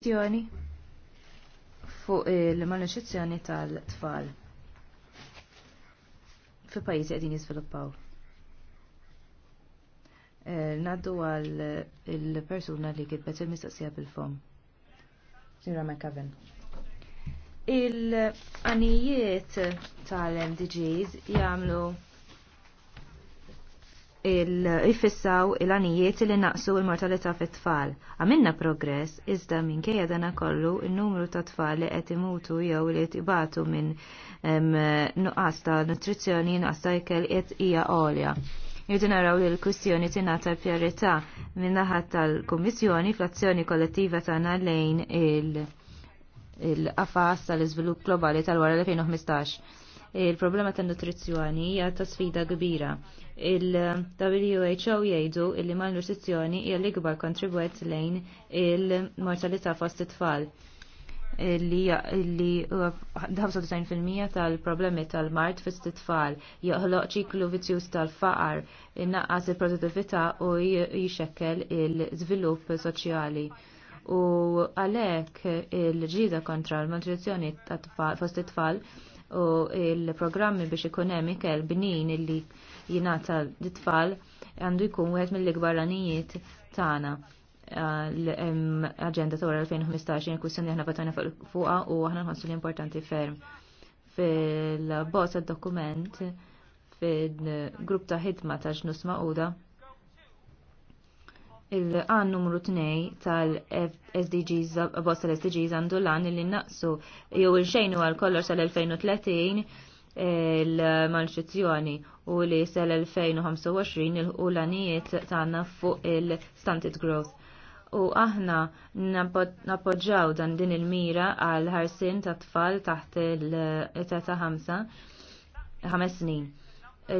kwestjoni fuq il-malnutrizzjoni tal-tfal fi pajjiżi qegħdin jiżviluppaw. Eh, Naddu għal il-persuna li kitbet il-mistaqsija bil-fom. Sinra McCaven. il qanijiet tal-MDGs jagħmlu jfissaw il-għanijiet li naqsu il-mortalità fit tfal Għamilna progress, iżda minn kejja dana kollu il-numru ta' tfal li qed imutu jew li ibatu minn nuqqas ta' nutrizzjoni, nuqqas ta' ikel qed hija għolja. Jirdu naraw li l-kwistjoni tingħata pjarità minn naħat tal-Kummissjoni fl-azzjoni kollettiva tagħna lejn il- il-qafas tal-iżvilupp globali tal-wara 2015 il-problema ta' nutrizzjoni hija ta' sfida kbira. Il-WHO jgħidu li malnutrizzjoni hija l-ikbar kontribwet lejn il-mortalità fost it-tfal li li 95% tal-problemi tal-mart fis tfal joħloq ċiklu vizzjuż tal-faqar, innaqqas il-produttività u jixekkel il-żvilupp soċjali. U għalhekk il-ġida kontra l-malnutrizzjoni fost it-tfal u il-programmi biex ikun hemm ikel bnin illi jingħata d tfal għandu jkun wieħed mill-ikbar għanijiet tagħna ah, l-agenda tora 2015 il-kussjoni aħna batana fuqa u aħna nħossu l-importanti ferm fil bosa dokument fil-grupp ta' hitma ta' ġnus ma' il-għan numru 2 tal-SDGs, bost tal-SDGs għandu l-għan li naqsu jew il-xejnu għal kollox tal-2030 il-malċizjoni u li sal-2025 il-ħulanijiet tagħna fuq il-stunted growth. U aħna nappoġġaw dan din il-mira għal ħarsin ta' tfal taħt il 3 ħamsa ħames snin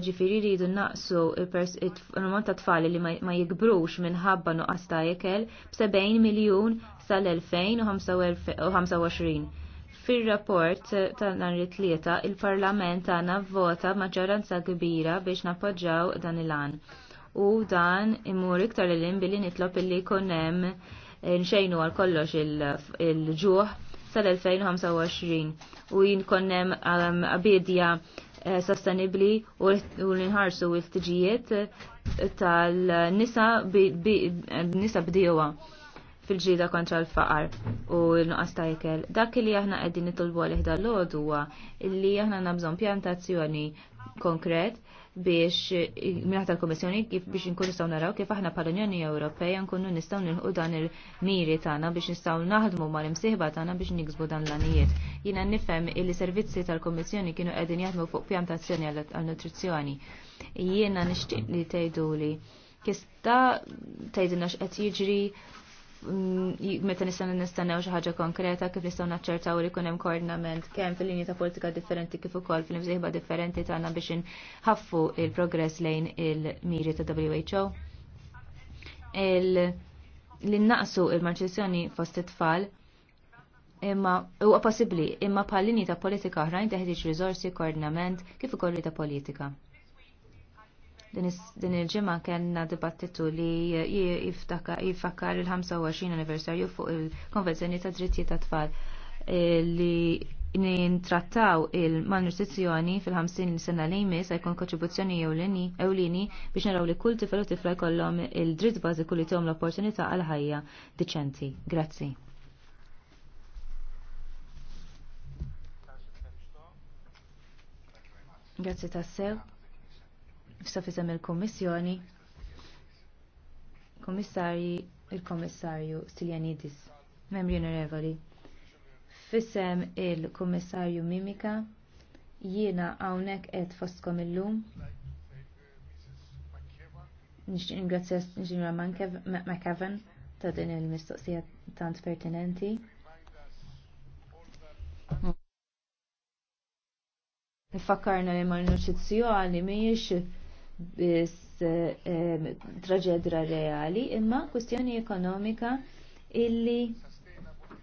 ġifiri rridu naqsu il-numru ta' tfal li ma jikbrux minħabba nuqqas ta' ikel b'70 miljun sal-2025. Fir-rapport ta' nhar it-tlieta, il-Parlament għana vvota maġġoranza kbira biex nappoġġaw dan il-għan. U dan imur iktar l billi nitlob illi jkun hemm eh, nxejnu għal kollox il-ġuħ sal-2025 u jinkonnem għabidja um, eh, sostenibli u l-inħarsu il-tġijiet eh, tal-nisa nisa bdijowa fil-ġida kontra l-faqar u l-nuqqas ta' ikel. Dak li aħna qegħdin nitolbu għalih dal-logħdu li aħna nabżon pjantazzjoni konkret biex minnaħta l-Komissjoni kif biex nkunu nistgħu naraw kif aħna pal Unjoni Ewropeja nkunu nistgħu nilħu dan il-miri tagħna biex nistgħu naħdmu mal-imsieħba tagħna biex niksbu dan l-anijiet. Jiena nifhem li servizzi tal-Komissjoni kienu qegħdin jaħdmu fuq pjan ta' azzjoni għall-nutrizzjoni. Jiena nixtieq li tgħiduli: kista tgħidilna x'qed jiġri Mm, meta nistgħu nistennew xi ħaġa konkreta kif nistgħu naċċertaw li jkun hemm koordinament kemm fil-linji ta' politika differenti kif ukoll fil-imsieħba differenti tagħna biex inħaffu il-progress lejn il-miri ta' WHO. Li naqsu il-malċessjoni fost it-tfal imma huwa possibbli imma bħal linji ta' politika oħrajn teħdiġ riżorsi, koordinament kif ukoll ta' politika din il-ġimgħa kellna dibattitu li jifakkar il-25 anniversarju fuq il-Konvenzjoni ta' Drittijiet ta' Tfal eh, li nintrattaw il-malnutrizzjoni fil-50 sena li jmiss jkun kontribuzzjoni ewlini biex naraw li kull tifel u tifla jkollhom il-dritt bażiku li tihom l-opportunità għal ħajja diċenti. Grazzi. Grazzi tassew f'sofisem il-Kommissjoni, Kommissarji, il-Kommissarju Stiljanidis, membri onorevoli. Fissem il-Kommissarju Mimika, jiena hawnhekk qed fostkom illum. Nixtieq ingrazzja Inġinra McCavan ta' din il-mistoqsija tant pertinenti. Nifakkarna li mal-nutrizzjoni mhijiex biss ehm, traġedra reali imma kwistjoni ekonomika illi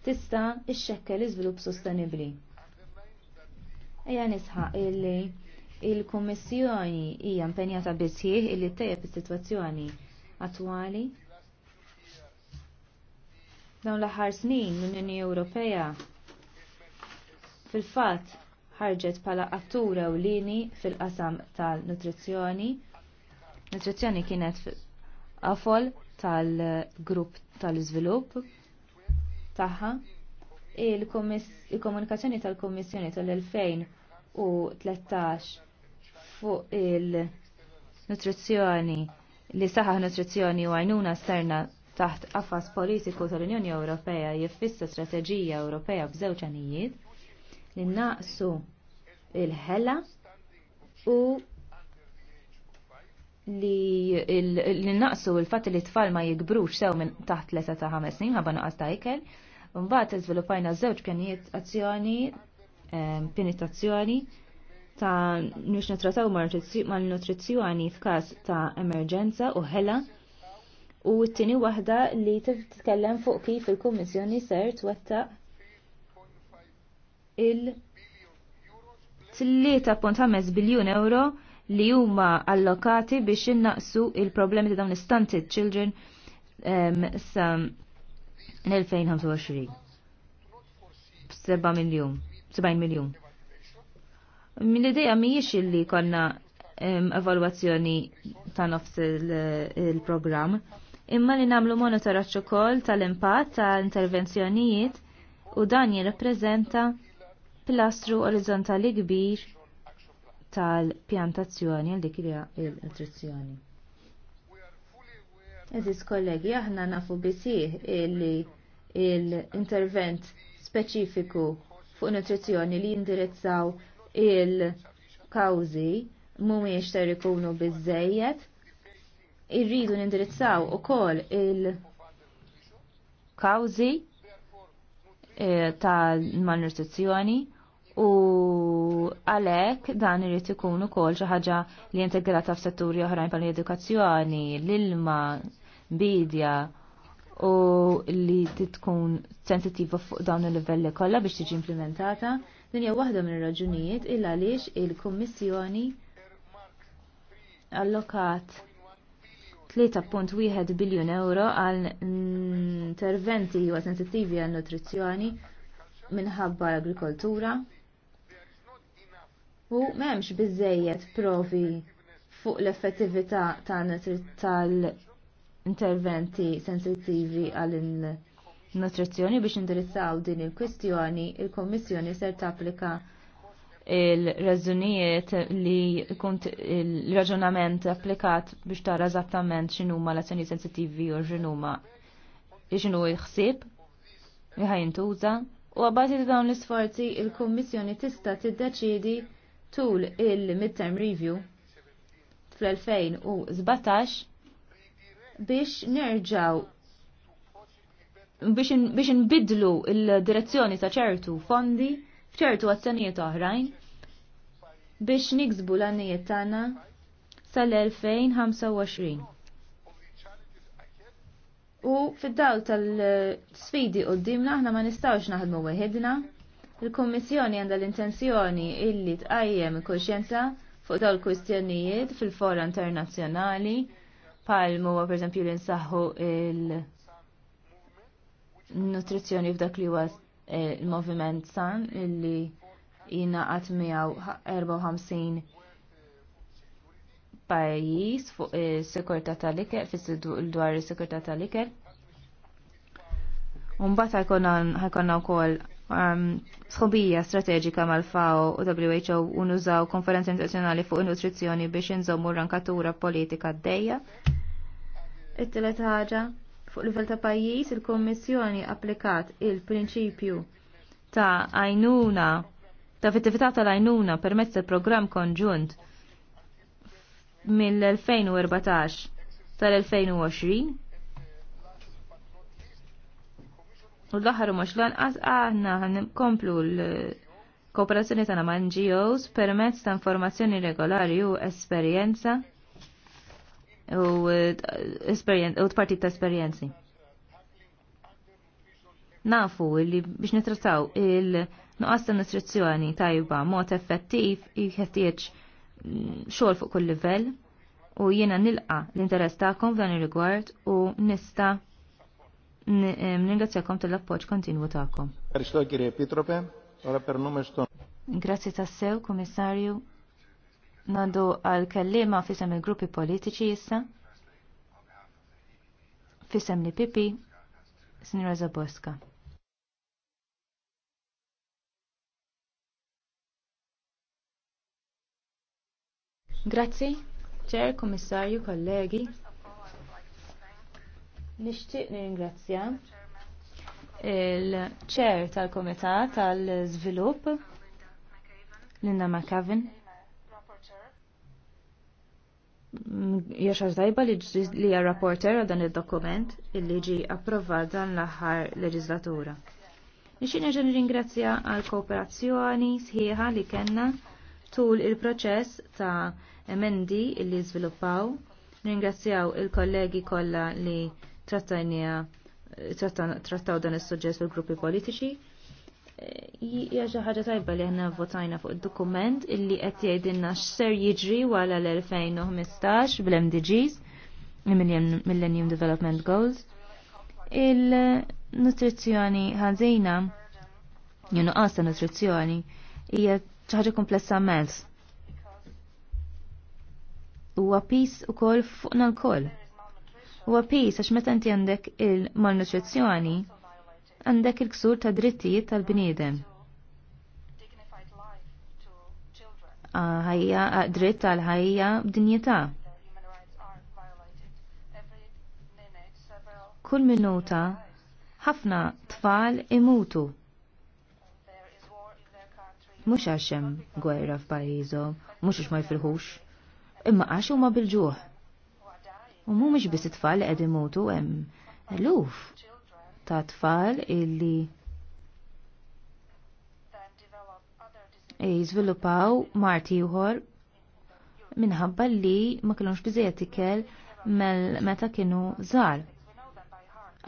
tista ixxekkel iżvilupp sostenibbli. Ejja nisħaq illi il-Kummissjoni hija impenjata bisħieħ illi tejjeb is-sitwazzjoni attwali. Dawn l-aħħar snin l-Unjoni Ewropea fil-fatt ħarġet pala attur ewlieni fil-qasam tal-nutrizzjoni. Nutrizzjoni kienet għafol tal-grupp tal-iżvilupp tagħha. Il-komunikazzjoni tal kummissjoni tal-2013 fuq il-nutrizzjoni li saħaħ nutrizzjoni u għajnuna sterna taħt qafas politiku tal-Unjoni Ewropea jiffissa strateġija Ewropea b'żewġ għanijiet li naqsu il-ħela u li l-naqsu il-fat li tfal ma jikbrux sew minn taħt l ta' ħames snin ħabba nuqqas ta' ikel, mbagħad iżviluppajna żewġ pjanijiet azzjoni, eh, pjanitazzjoni ta' nux natrataw mal-nutrizzjoni f'każ ta' emerġenza u ħela u t-tini waħda li titkellem fuq kif il-Kummissjoni ser twettaq il- 3.5 biljun euro li huma allokati biex innaqsu il-problemi ta' dawn stunted children um, sa l-2025. 7 miljon, 70 miljon. Mill-ideja mhijiex illi konna um, evalwazzjoni ta' nofs il-programm, imma li namlu monitoraċċ ukoll tal-impatt ta' intervenzjonijiet u dan jirrappreżenta pilastru orizzontali kbir tal-pjantazzjoni għal dik il-attrazzjoni. Eżis kollegi, aħna nafu bisih illi l-intervent speċifiku fuq nutrizzjoni li jindirizzaw il-kawzi mumiex ser ikunu biżejjed, irridu nindirizzaw ukoll il-kawzi eh, tal malnutrizzjoni u għalek dan irrit ikun ukoll xi ħaġa li integrata f'setturi oħrajn bħal edukazzjoni, l-ilma, bidja u li titkun sensitiva fuq dawn il-livelli kollha biex tiġi implementata. Din hija waħda minn ir-raġunijiet il għaliex il-Kummissjoni allokat 3.1 biljun euro għal interventi huwa sensittivi għal nutrizzjoni minħabba l-agrikoltura u m'hemmx biżejjed provi fuq l-effettività tal-interventi sensittivi għall-nutrizzjoni biex indirizzaw din il-kwistjoni, il-Kommissjoni ser tapplika il-razzunijiet li kont il-raġunament applikat biex tara eżattament x'inhuma l-azzjoni sensittivi u x'inhuma x'inhu jħsib li ħajintuża u għabbażi dawn l-isforzi il-Kummissjoni tista' tiddeċiedi tul il-midterm review fl-2017 biex nerġaw biex nbidlu il-direzzjoni ta' ċertu fondi f'ċertu azzjonijiet oħrajn biex niksbu l-għannijiet tagħna sal-2025. U fid-dawl tal-sfidi qoddimna aħna ma nistgħux naħdmu weħidna. Il-Kommissjoni għandha l-intenzjoni illi tqajjem kuxjenza fuq dawl kwistjonijiet fil-fora internazzjonali pal huwa pereżempju li nsaħħu il-nutrizzjoni f'dak li huwa eh, il-moviment san illi jingħaqad miegħu 54 pajjiż fuq is-sikurtà tal-ikel fis-dwar is-sikurtà tal-ikel. Mbagħad ħajkonna wkoll Um, sħobija strateġika mal-FAO u WHO u nużaw konferenza internazzjonali fuq nutrizzjoni biex inżommu rankatura politika d-dejja. It-telet ħaġa fuq livell ta' pajjiż il-Kommissjoni applikat il-prinċipju ta' għajnuna ta' fittività tal-għajnuna permezz tal-programm konġunt mill-2014 tal-2020 U l-aħħar mhux lanqas aħna komplu l-kooperazzjoni tagħna ma' NGOs permezz ta' informazzjoni regolari u esperjenza u t-partit eh, ta' esperjenzi. Nafu li biex nitrataw il-nuqqas ta' nutrizzjoni tajba mod effettiv jħettieġ mm, xogħol fuq kull livell u jiena nilqa l-interess ta' f'dan rigward u nista' Ningrazzjakom tal-appoġġ kontinwu tagħkom. Grazzi tassew, Kummissarju. Nandu għal kellima fisem il-gruppi politiċi issa. Fisem li pipi, Sinjora Zaboska. Grazzi, ċer, komissarju, kollegi. Nixtieq nirringrazzja il-ċer tal-Komitat tal-Żvilupp Linda McCavin. Jaxa dajba li hija rapporter għadan il id-dokument illi ġi approvat dan l-aħħar leġislatura. Nixtieq nerġa' nirringrazzja għal kooperazzjoni sħiħa li kellna tul il-proċess ta' emendi illi zviluppaw. Ringrazzjaw il-kollegi kollha li trattajnija trattaw dan is-suġġett fil-gruppi politiċi. Eh, hija xi ħaġa tajba li ħna votajna fuq id-dokument illi qed jgħidilna x'ser jiġri wara l-2015 bl-MDGs Millennium Development Goals. Il-nutrizzjoni ħażina jew nuqqas ta' nutrizzjoni hija xi ħaġa komplessa mezz huwa pis ukoll fuqna l-koll huwa pis għax meta inti għandek il-malnutrizzjoni għandek il-ksur ta' drittijiet tal-bniedem. ħajja dritt tal ħajja b'dinjità. Kull minuta ħafna tfal imutu. Mhux għax hemm gwerra f'pajjiżhom, mhux għax ma jfilħux, imma għax huma bil-ġuħ. U mhumiex biss tfal li qegħdin imutu hemm eluf ta' tfal illi jiżviluppaw marti ieħor minħabba li ma kellhomx biżejjed ikel meta kienu żgħar.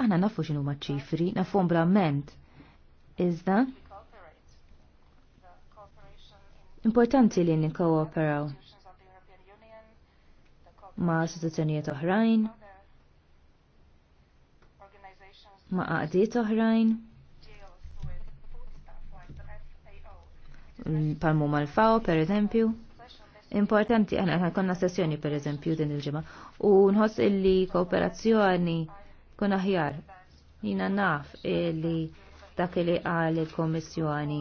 Aħna nafu x'inhu maċ-ċifri, nafhom blament. Iżda importanti li nikkooperaw ma' istituzzjonijiet oħrajn, ma' qaqdiet oħrajn, mm, palmu mal-faw, per eżempju. Importanti, għana konna sessjoni per eżempju din il-ġimma, u nħoss illi kooperazzjoni kun aħjar. Jina naf illi dak li għal il-komissjoni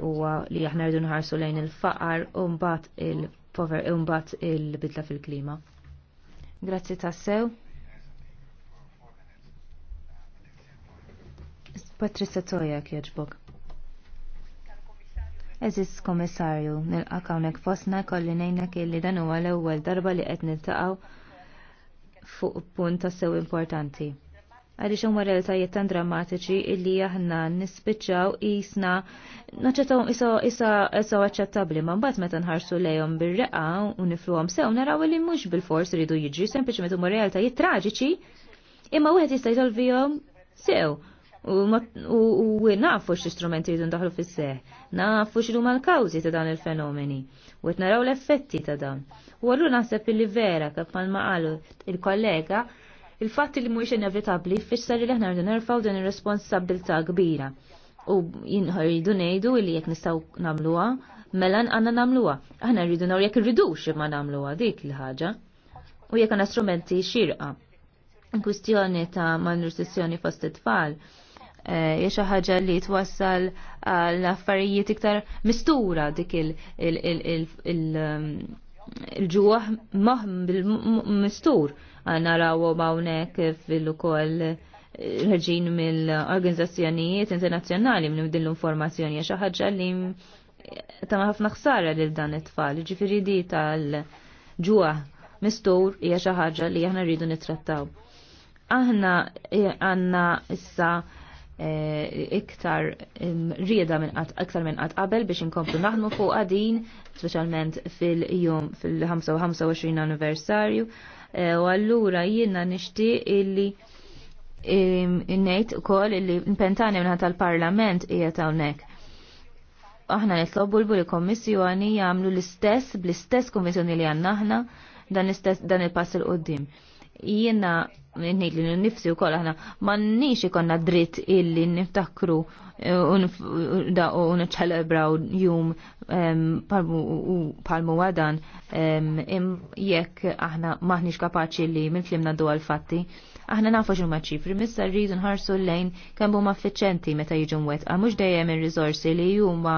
huwa li aħna rridu nħarsu lejn il-faqar u mbagħad il-, -faqar, pover imbat il-bidla fil-klima. Grazzi tassew. Patrissa Toja kieġbok. Eżis komissarju, nil akawnek fosna kolli nejnek illi dan huwa l-ewwel darba li qed niltaqgħu fuq punt tassew sew importanti għaliex hemm realtajiet tan drammatiċi illi aħna nispiċċaw isna naċċettaw isa isa aċċettabbli ma mbagħad meta nħarsu lejhom bir-reqa u nifluhom sew naraw li mhux bil-fors ridu jiġri sempliċement huma realtajiet traġiċi imma wieħed jista' jsolvihom sew u nafu x-istrumenti jridu ndaħlu fis-seħ, nafu x-luma l-kawzi ta' dan il-fenomeni, u għetna naraw l-effetti ta' dan. U għallu naħseb li vera, kif man il-kollega, il fatti li mhuwiex inevitabbli fissar li aħna rridu nerfgħu din ir-responsabilità kbira. U jinħarridu ngħidu li jekk nistgħu nagħmluha, mela għandna nagħmluha. Aħna rridu nagħmlu jekk irridux imma nagħmluha dik il-ħaġa. U jekk għandna strumenti xirqa. Kwistjoni ta' malnutrizzjoni fost it-tfal eh, xi ħaġa li twassal għal affarijiet iktar mistura dik il il-ġuħ moħm bil-mistur għanna rawo mawnek fil-ukoll eh, ħarġin mill-organizzazzjonijiet internazzjonali minn din l-informazzjoni għax ħaġa li ta' ħafna ħsara lil dan it-tfal, ġifiri di tal-ġuħ mistur hija xi ħaġa li aħna rridu nittrattaw. Aħna eh, għandna issa Eh, iktar rieda minn qatt iktar minn qatt qabel biex inkomplu naħdmu fuq din, speċjalment fil-jum fil-25 anniversarju. Eh, u allura jiena nixtieq illi ngħid ukoll illi pentani minn tal-Parlament qiegħed hawnhekk. Aħna nitlobu l-Kommissjoni jagħmlu l-istess bl-istess konvenzjoni li għandna aħna dan l-istess dan il-pass il-qoddim jiena nejt li nifsi u koll aħna ma nix ikonna dritt illi niftakru eh, u nċelebraw jum ehm, palmu għadan ehm, jekk aħna maħnix kapaċi li minn flimna du għal-fatti. Aħna nafu xumma ċifri, missa rridu nħarsu l-lejn kemm huma affiċenti meta jiġu mwettqa, mhux dejjem ir rizorsi li huma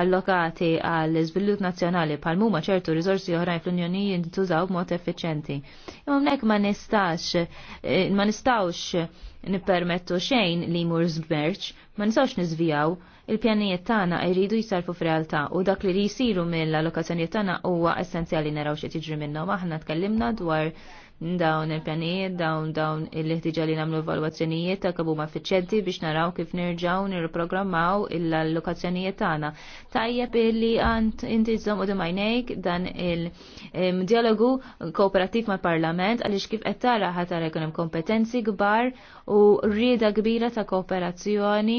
allokati għall iżvilupp nazzjonali bħal huma ċertu rizorsi oħrajn fl-Unjoni jintużaw b'mod effiċenti. Imma hemmhekk ma nistax eh, ma nistawx nippermettu xejn li jmur żmerċ, ma nistawx niżvijaw il-pjanijiet tagħna jridu jisarfu f'realtà u dak li jsiru mill-allokazzjonijiet tagħna huwa essenzjali naraw xi tiġri minnhom. Aħna tkellimna dwar dawn il-pjanijiet, dawn dawn il-ħtiġa li namlu evalwazzjonijiet ta' kabu ma' effiċjenti biex naraw kif nerġaw nirprogrammaw il-allokazzjonijiet tagħna. Tajjeb illi għand inti żomm u dimajnejk dan il-dialogu kooperattiv mal-Parlament għaliex kif qed tara ħatar hemm kompetenzi kbar u rieda kbira ta' kooperazzjoni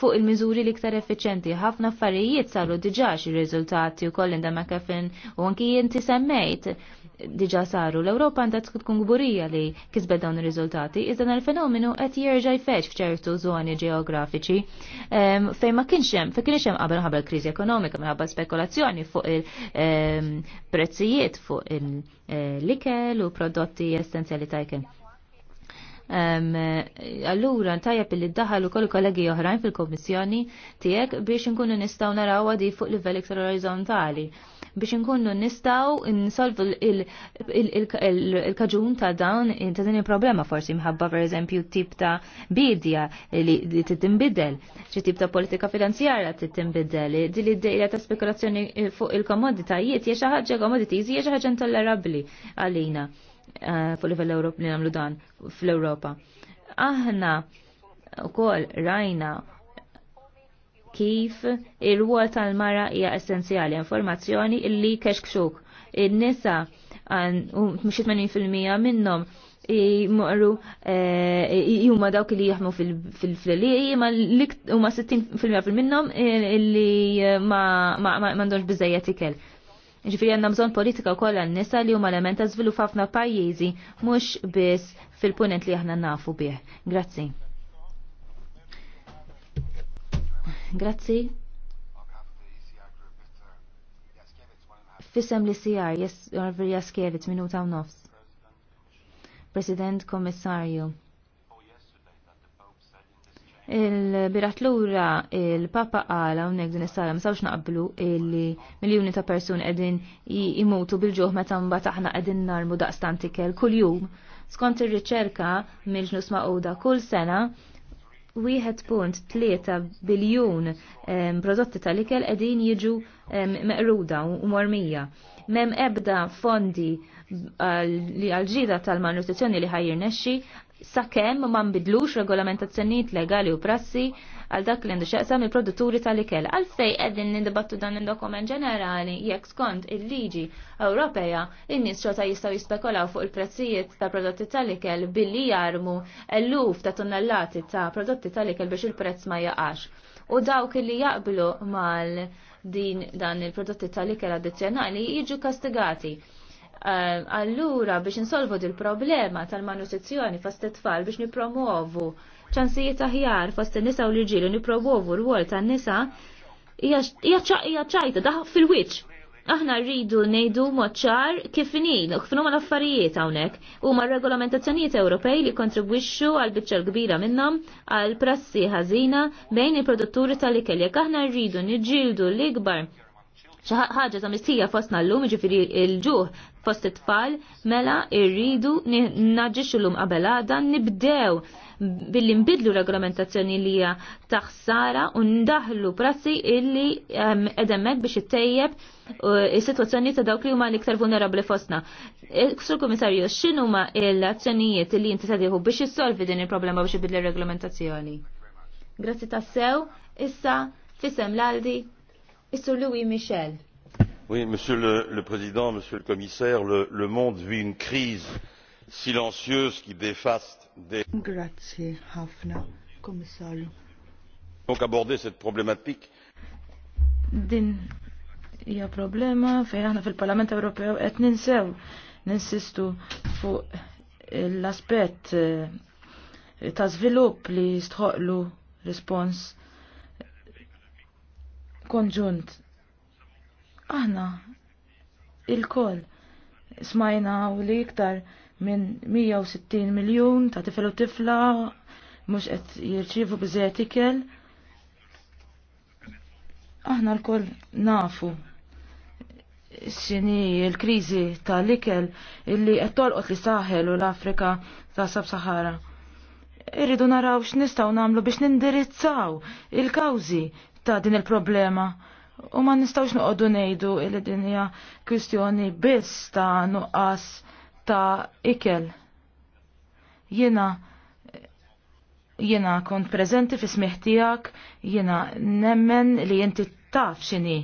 fuq il-miżuri l-iktar effiċenti. Ħafna affarijiet saru diġax ir-riżultati u kollin da McAfee u anki jinti semmejt diġa saru. L-Ewropa għandha tkun gburija li kisbet dawn ir-riżultati, iżda dan il-fenomenu qed jerġa' jfeċ f'ċertu żoni ġeografiċi ehm, fejn ma kienx hemm, fejn kienx hemm qabel ħabel kriżi ekonomika minħabba spekulazzjoni fuq il-prezzijiet ehm, fuq il-likel eh, u prodotti essenzjali tajken. Allura, ntajab li daħal u kollu kollegi oħrajn fil-komissjoni tijek biex nkunu nistaw naraw għadi fuq livell iktar orizzontali biex nkunu nistaw nsolvu il-kaġun ta' dawn ta' din il-problema forsi mħabba per eżempju tip ta' bidja li t-timbidel, xi tip ta' politika finanzjarja timbidel di li d-dejja ta' spekulazzjoni fuq il-komoditajiet hija xi ħaġa komoditizi hija xi ħaġa intollerabbli għalina. Eh, fuq livell Ewrop li nagħmlu dan fl-Ewropa. Aħna wkoll rajna kif ir ruol tal-mara hija essenzjali, informazzjoni illi kexkxuk. In-nisa mhux 80% minnhom jmorru juma eh, dawk li jaħmu fil-fleli, eh, ma huma 60% minnhom illi ma m'għandhomx biżejjed ikel. Ġifiri għanna bżon politika u koll n-nisa li huma element ta' zvilup ħafna pajjiżi mhux biss fil-punent li aħna nafu bih. Grazzi. Grazzi. Fisem li sijar, jes, Orvir Jaskevitz, minuta u nofs. President Komissarju. Il-birat lura il-Papa għala unnek din is-sala msawx naqblu illi miljoni ta' person qegħdin imutu bil-ġuħ meta mba taħna qegħdin narmu daqstan kull kuljum. Skont ir-riċerka mill-ġnus maquda kull sena 1.3 biljun prodotti tal-ikel qegħdin jiġu meqruda u mormija. Mem ebda fondi għal-ġida tal-malnutrizzjoni li ħajjirnexxi. nexxi sakemm ma nbidlux regolamentazzjonijiet legali u prassi għal dak li xaqsam il-produtturi tal-ikel. Għalfej qegħdin nindibattu dan il-dokument ġenerali jekk skont il-liġi Ewropea in-nies xorta jistgħu jispekolaw fuq il-prezzijiet ta' prodotti tal-ikel billi jarmu l-luf ta' tonnellati ta' prodotti tal-ikel biex il-prezz ma jaqax. U dawk li jaqblu mal din dan il-prodotti tal-ikel addizzjonali jiġu kastigati Ehm, allura biex insolvu dil problema tal-manusezzjoni fost it-tfal biex nipromuovu ċansijiet aħjar fost in-nisa u l-irġiel r-wol tan-nisa hija ċajta daħ fil-wiċċ. Aħna rridu nejdu moċċar kif nil, u kif huma l-affarijiet hawnhekk huma regolamentazzjonijiet Ewropej li kontribwixxu għal biċċa kbira minnhom għal prassi ħażina bejn il-produtturi tal-ikel jekk aħna rridu niġġieldu l-ikbar ħaġa ta' mistija fostna l-lum, ġifiri il-ġuħ fost it-tfal, mela irridu naġġiċu l-lum qabelada, nibdew billi nbidlu regolamentazzjoni li hija taħsara u ndaħlu prassi illi edemmek biex ittejjeb eh, is-sitwazzjoni ta' dawk li huma l-iktar vulnerabbli fostna. Eh, Sur komissarju, x'inhu ma l-azzjonijiet li inti tagħtiħu biex issolvi din il-problema biex ibidli regolamentazzjoni? Grazzi tassew, issa fisem l-aldi Issu Louis Michel. Oui, Monsieur le, le Président, Monsieur le Commissaire, le, le monde vit une crise silencieuse qui défaste des... Grazie, Hafna, Commissario. Donc aborder cette problématique. Din il y a problema fejn aħna fil-Parlament Ewropew qed ninsew ninsistu fuq l'aspect aspett eh, ta' żvilupp li stħoqlu respons konġunt. Aħna il-koll smajna u li iktar minn 160 miljon ta' tifel u tifla mhux qed jirċievu biżejjed ikel. Aħna l-koll nafu xini l-kriżi tal-ikel illi qed tolqot li saħel u l-Afrika ta' Sab-Sahara irridu naraw x'nistgħu nagħmlu biex nindirizzaw il-kawżi ta' din il-problema. U ma nistawx noqogħdu ngħidu li din hija kwistjoni biss ta' nuqqas ta' ikel. Jiena jiena kont preżenti fi smih tiegħek, jiena nemmen li inti taf x'inhi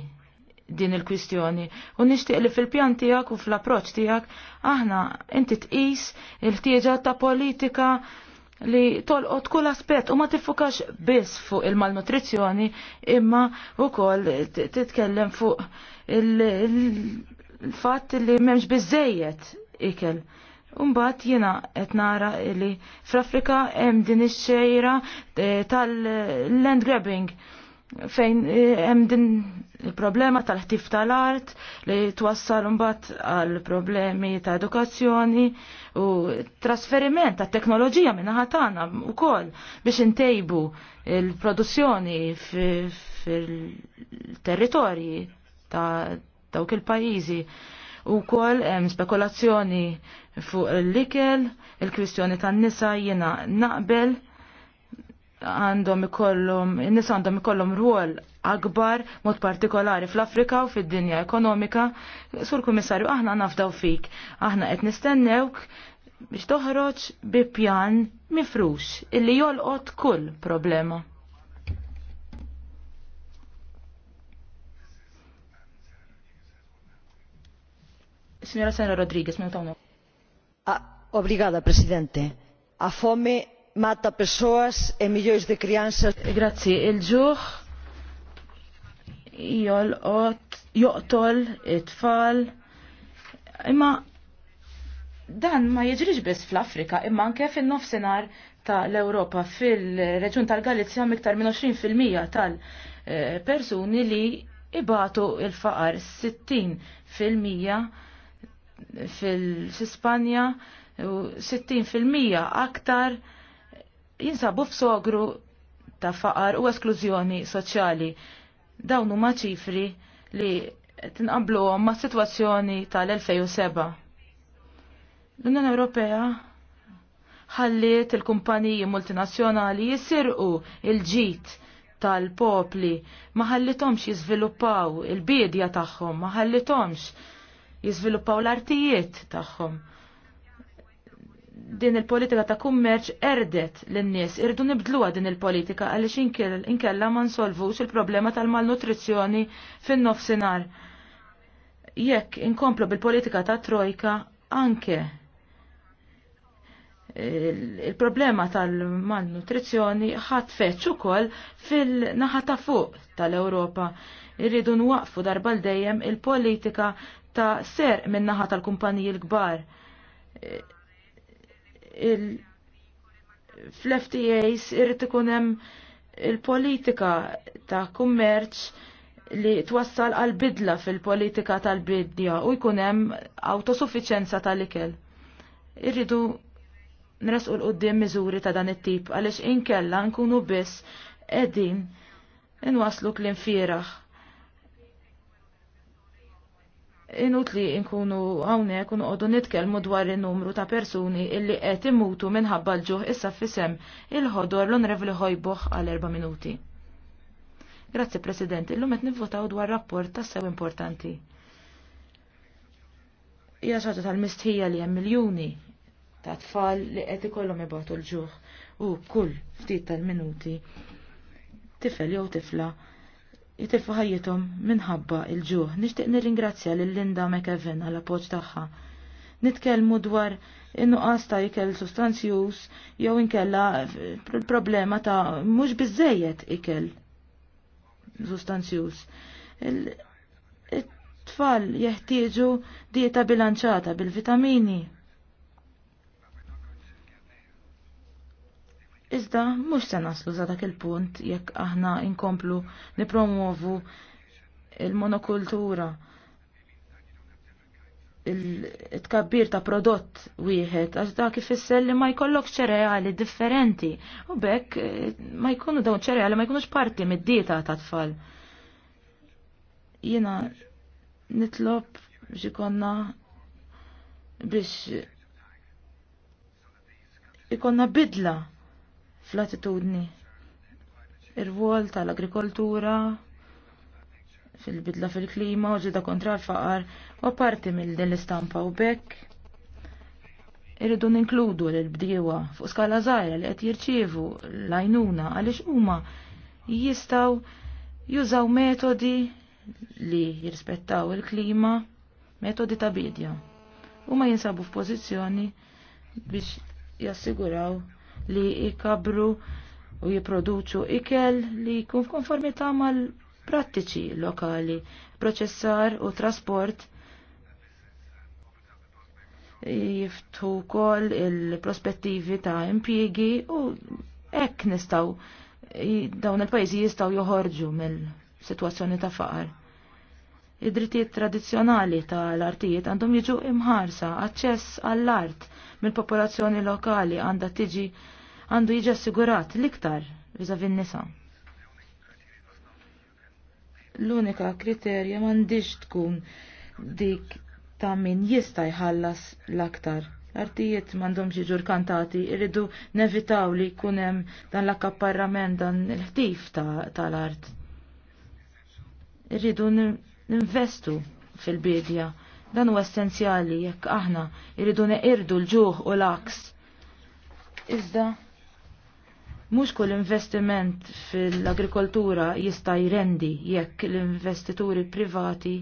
din il-kwistjoni u nixtieq li fil-pjan tiegħek u fl-approċċ tiegħek aħna inti tqis il-tieġa ta' politika li tolqot kull aspett u ma tiffukax biss fuq il-malnutrizzjoni imma wkoll titkellem fuq il-fatt li m'hemmx biżejjed ikel. Umbat jiena qed nara li fl-Afrika hemm din ix-xejra eh, tal-land grabbing fejn eh, hemm din il-problema tal-ħtif tal-art li twassal mbagħad għal problemi ta' edukazzjoni u trasferiment ta' teknoloġija minnaħa tagħna wkoll biex intejbu il-produzzjoni fil-territorji ta' dawk il-pajjiżi u kol hemm spekulazzjoni fuq l-ikel, il-kwistjoni tan-nisa jiena naqbel għandhom ikollhom, in-nies għandhom ikollhom rwol akbar mod partikolari fl-Afrika u fid-dinja ekonomika. Sur Kummissarju, aħna nafdaw fik, aħna qed nistennewk biex toħroġ bi pjan mifrux illi jolqot kull problema. Signora Sena Rodriguez, mi ah, Obrigada, Presidente. A fome mata persoas e milhões de crianças. Grazzi, il-ġuħ joqtol it-tfal. Imma dan ma jiġrix biss fl-Afrika, imma anke fin-nofsinhar ta' l-Ewropa fil-reġun tal-Galizja miktar minn 20% tal-persuni li ibatu il-faqar 60% fil-Ispanja u 60% aktar jinsabu f'sogru ta' faqar u esklużjoni soċjali. Dawn huma ċifri li tinqabluhom ma' sitwazzjoni tal-2007. L-Unjoni Ewropea ħalliet il-kumpaniji multinazzjonali jisirqu il-ġit tal-popli, ma ħallitomx jiżviluppaw il-bidja tagħhom, ma ħallitomx jiżviluppaw l-artijiet tagħhom din il-politika ta' kummerċ erdet l-nies, irdu nibdluha din il-politika għaliex inkella ma nsolvux il-problema tal-malnutrizzjoni fin-nofsinhar. Jekk inkomplu bil-politika ta' trojka anke il-problema tal-malnutrizzjoni ħat feċ ukoll fil-naħa ta' fuq tal-Ewropa. Irridu nwaqfu darba l-dejjem il-politika ta' ser min-naħa tal-kumpaniji l-kbar fl-FTAs irrit ikun hemm il-politika ta' kummerċ li twassal għal bidla fil-politika tal-bidja u jkun hemm autosuffiċenza tal-ikel. Irridu nresqu l-qoddim miżuri ta' dan it-tip għaliex inkella nkunu biss qegħdin inwaslu klim fieraħ Inutli inkunu nkunu hawnhekk għodu noqogħdu nitkellmu dwar in-numru ta' persuni illi qed imutu minħabba l-ġuħ issa fisem il-ħodor l-Onrevli Hojboħ għal erba' minuti. Grazzi President, illum qed nivvotaw dwar rapport tassew importanti. Hija xaġa tal-mistħija li hemm miljuni ta' tfal li qed ikollhom ibatu l-ġuħ u kull ftit tal-minuti tifel jew tifla jitilfu ħajjithom minħabba il-ġuħ. Nixtieq nirringrazzja lil Linda McEvin għal appoġġ tagħha. Nitkellmu dwar innu għasta ta' ikel sustanzjuż jew inkella problema ta' mhux bizzejet ikel sustanzjuż. It-tfal jeħtieġu dieta bilanċata bil-vitamini, Iżda mhux se naslu za dak il-punt jekk aħna inkomplu nipromuovu il-monokultura il-tkabbir ta' prodott wieħed għax dak ifisser li ma jkollok ċereali differenti u bekk eh, ma jkunu dawn ċereali ma jkunux parti mid-dieta ta' tfal. Jiena nitlob biex konna biex ikonna bidla fl-attitudni. Ir-rwol tal-agrikoltura fil-bidla fil-klima u ġida kontra l-faqar u parti mill din l-istampa u bekk. Irridu ninkludu l-bdiewa fuq skala zaħira li qed jirċievu l-għajnuna għaliex huma jistaw jużaw metodi li jirspettaw il-klima, metodi ta' bidja. U ma jinsabu f'pożizzjoni biex jassiguraw li jikabru u jiproduċu ikel li jkun f'konformità mal-prattiċi lokali, proċessar u trasport jiftu kol il-prospettivi ta' impjiegi u ekk nistaw dawn il-pajzi jistaw joħorġu mill-situazzjoni ta' faqar. Id-drittijiet tradizjonali tal-artijiet għandhom jiġu imħarsa, aċċess għall-art mill-popolazzjoni lokali għandha tiġi għandu jiġi assigurat l-iktar viżavi n-nisa. L-unika kriterja m'għandix tkun dik ta' min jista' jħallas l-aktar. L-artijiet m'għandhomx jiġu kantati, irridu nevitaw li jkun hemm dan l-akkapparrament dan il-ħtif tal-art. irridu ninvestu fil-bidja. Dan huwa essenzjali jekk aħna irridu neqirdu l-ġuħ u l-aks. Iżda Mhux kull investiment fil-agrikoltura jista' jrendi jekk l-investituri privati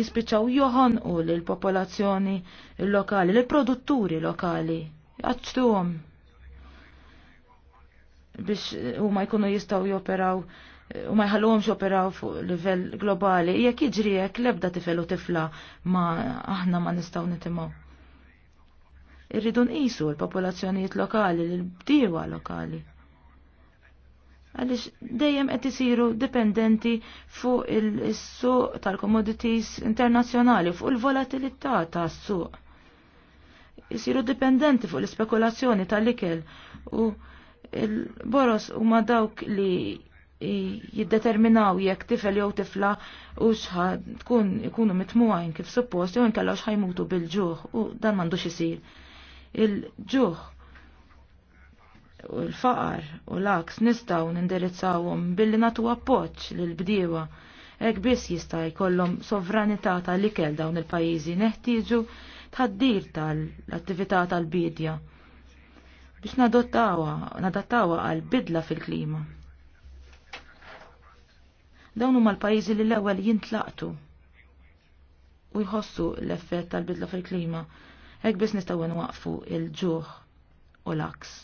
jispiċċaw joħonqu l popolazzjoni lokali, li produtturi lokali, għactuhom biex huma jkunu jistgħu joperaw u ma jħallhomx joperaw fuq livell globali, jekk iġri hekk l-ebda tifel u tifla ma aħna ma nistgħu nitimgħu. Irridu nqisu l-popolazzjonijiet lokali, l-bdiewa lokali. Għaliex dejjem qed isiru dipendenti fuq il-suq tal-commodities internazzjonali, fuq il-volatilità tas-suq. Isiru dipendenti fuq l-ispekulazzjoni tal-ikel u il-boros huma dawk li jiddeterminaw jekk tifel jew tifla u xħa tkun ikunu mitmuajn kif suppost jew inkella xħajmutu bil-ġuħ u dan m'għandux isir il-ġuħ u l-faqar u l-aks nistaw nindirizzawhom billi natu appoġġ lill bdiewa hekk biss jista' jkollhom sovranità tal-ikel dawn il-pajjiżi neħtieġu tħaddir tal-attività tal-bidja biex nadottawa, nadattawa għal bidla fil-klima. Dawn huma l-pajjiżi li l-ewwel jintlaqtu u jħossu l-effett tal-bidla fil-klima. Ek biss nistgħu nwaqfu il-ġuħ u l-aks.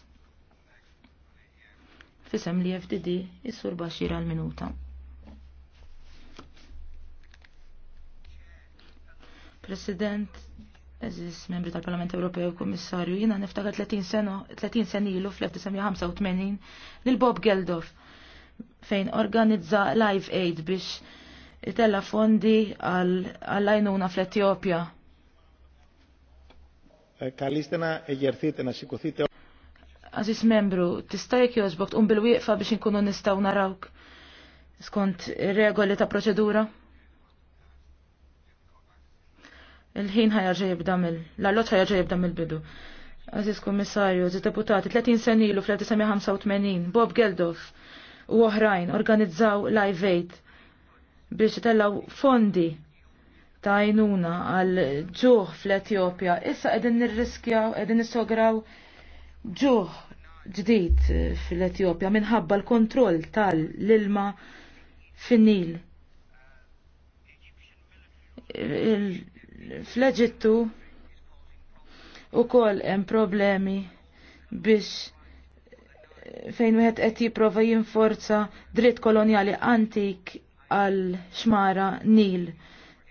Fisem li FDD is-sur Baxira l-minuta. President, eżis membri tal-Parlament Ewropew, Kummissarju, jiena niftakar 30 sena, 30 sen ilu fl-1985 lil Bob Geldof fejn organizza Live Aid biex itella' fondi għall-għajnuna fl-Etjopja Καλείστε να εγερθείτε, να σηκωθείτε. Aziz membru, tista' jekk jogħġbok tqum bil-wieqfa biex inkunu nistgħu narawk skont regoli ta' proċedura? Il-ħin ħajarġa jibda mill l-allot ħajarġa jibda mill-bidu. Aziz Kummissarju, Aziz Deputati, 30 sen ilu fl-1985, Bob Geldof u oħrajn organizzaw Live Aid biex tellaw fondi ta' għal ġuħ fl-Etjopja. Issa qegħdin nirriskjaw, qegħdin nisograw ġuħ ġdid fl etjopja minħabba l-kontroll tal-ilma fin-Nil. Fl-Eġittu u kol hemm problemi biex fejn wieħed qed jipprova jinforza dritt koloniali antik għal xmara Nil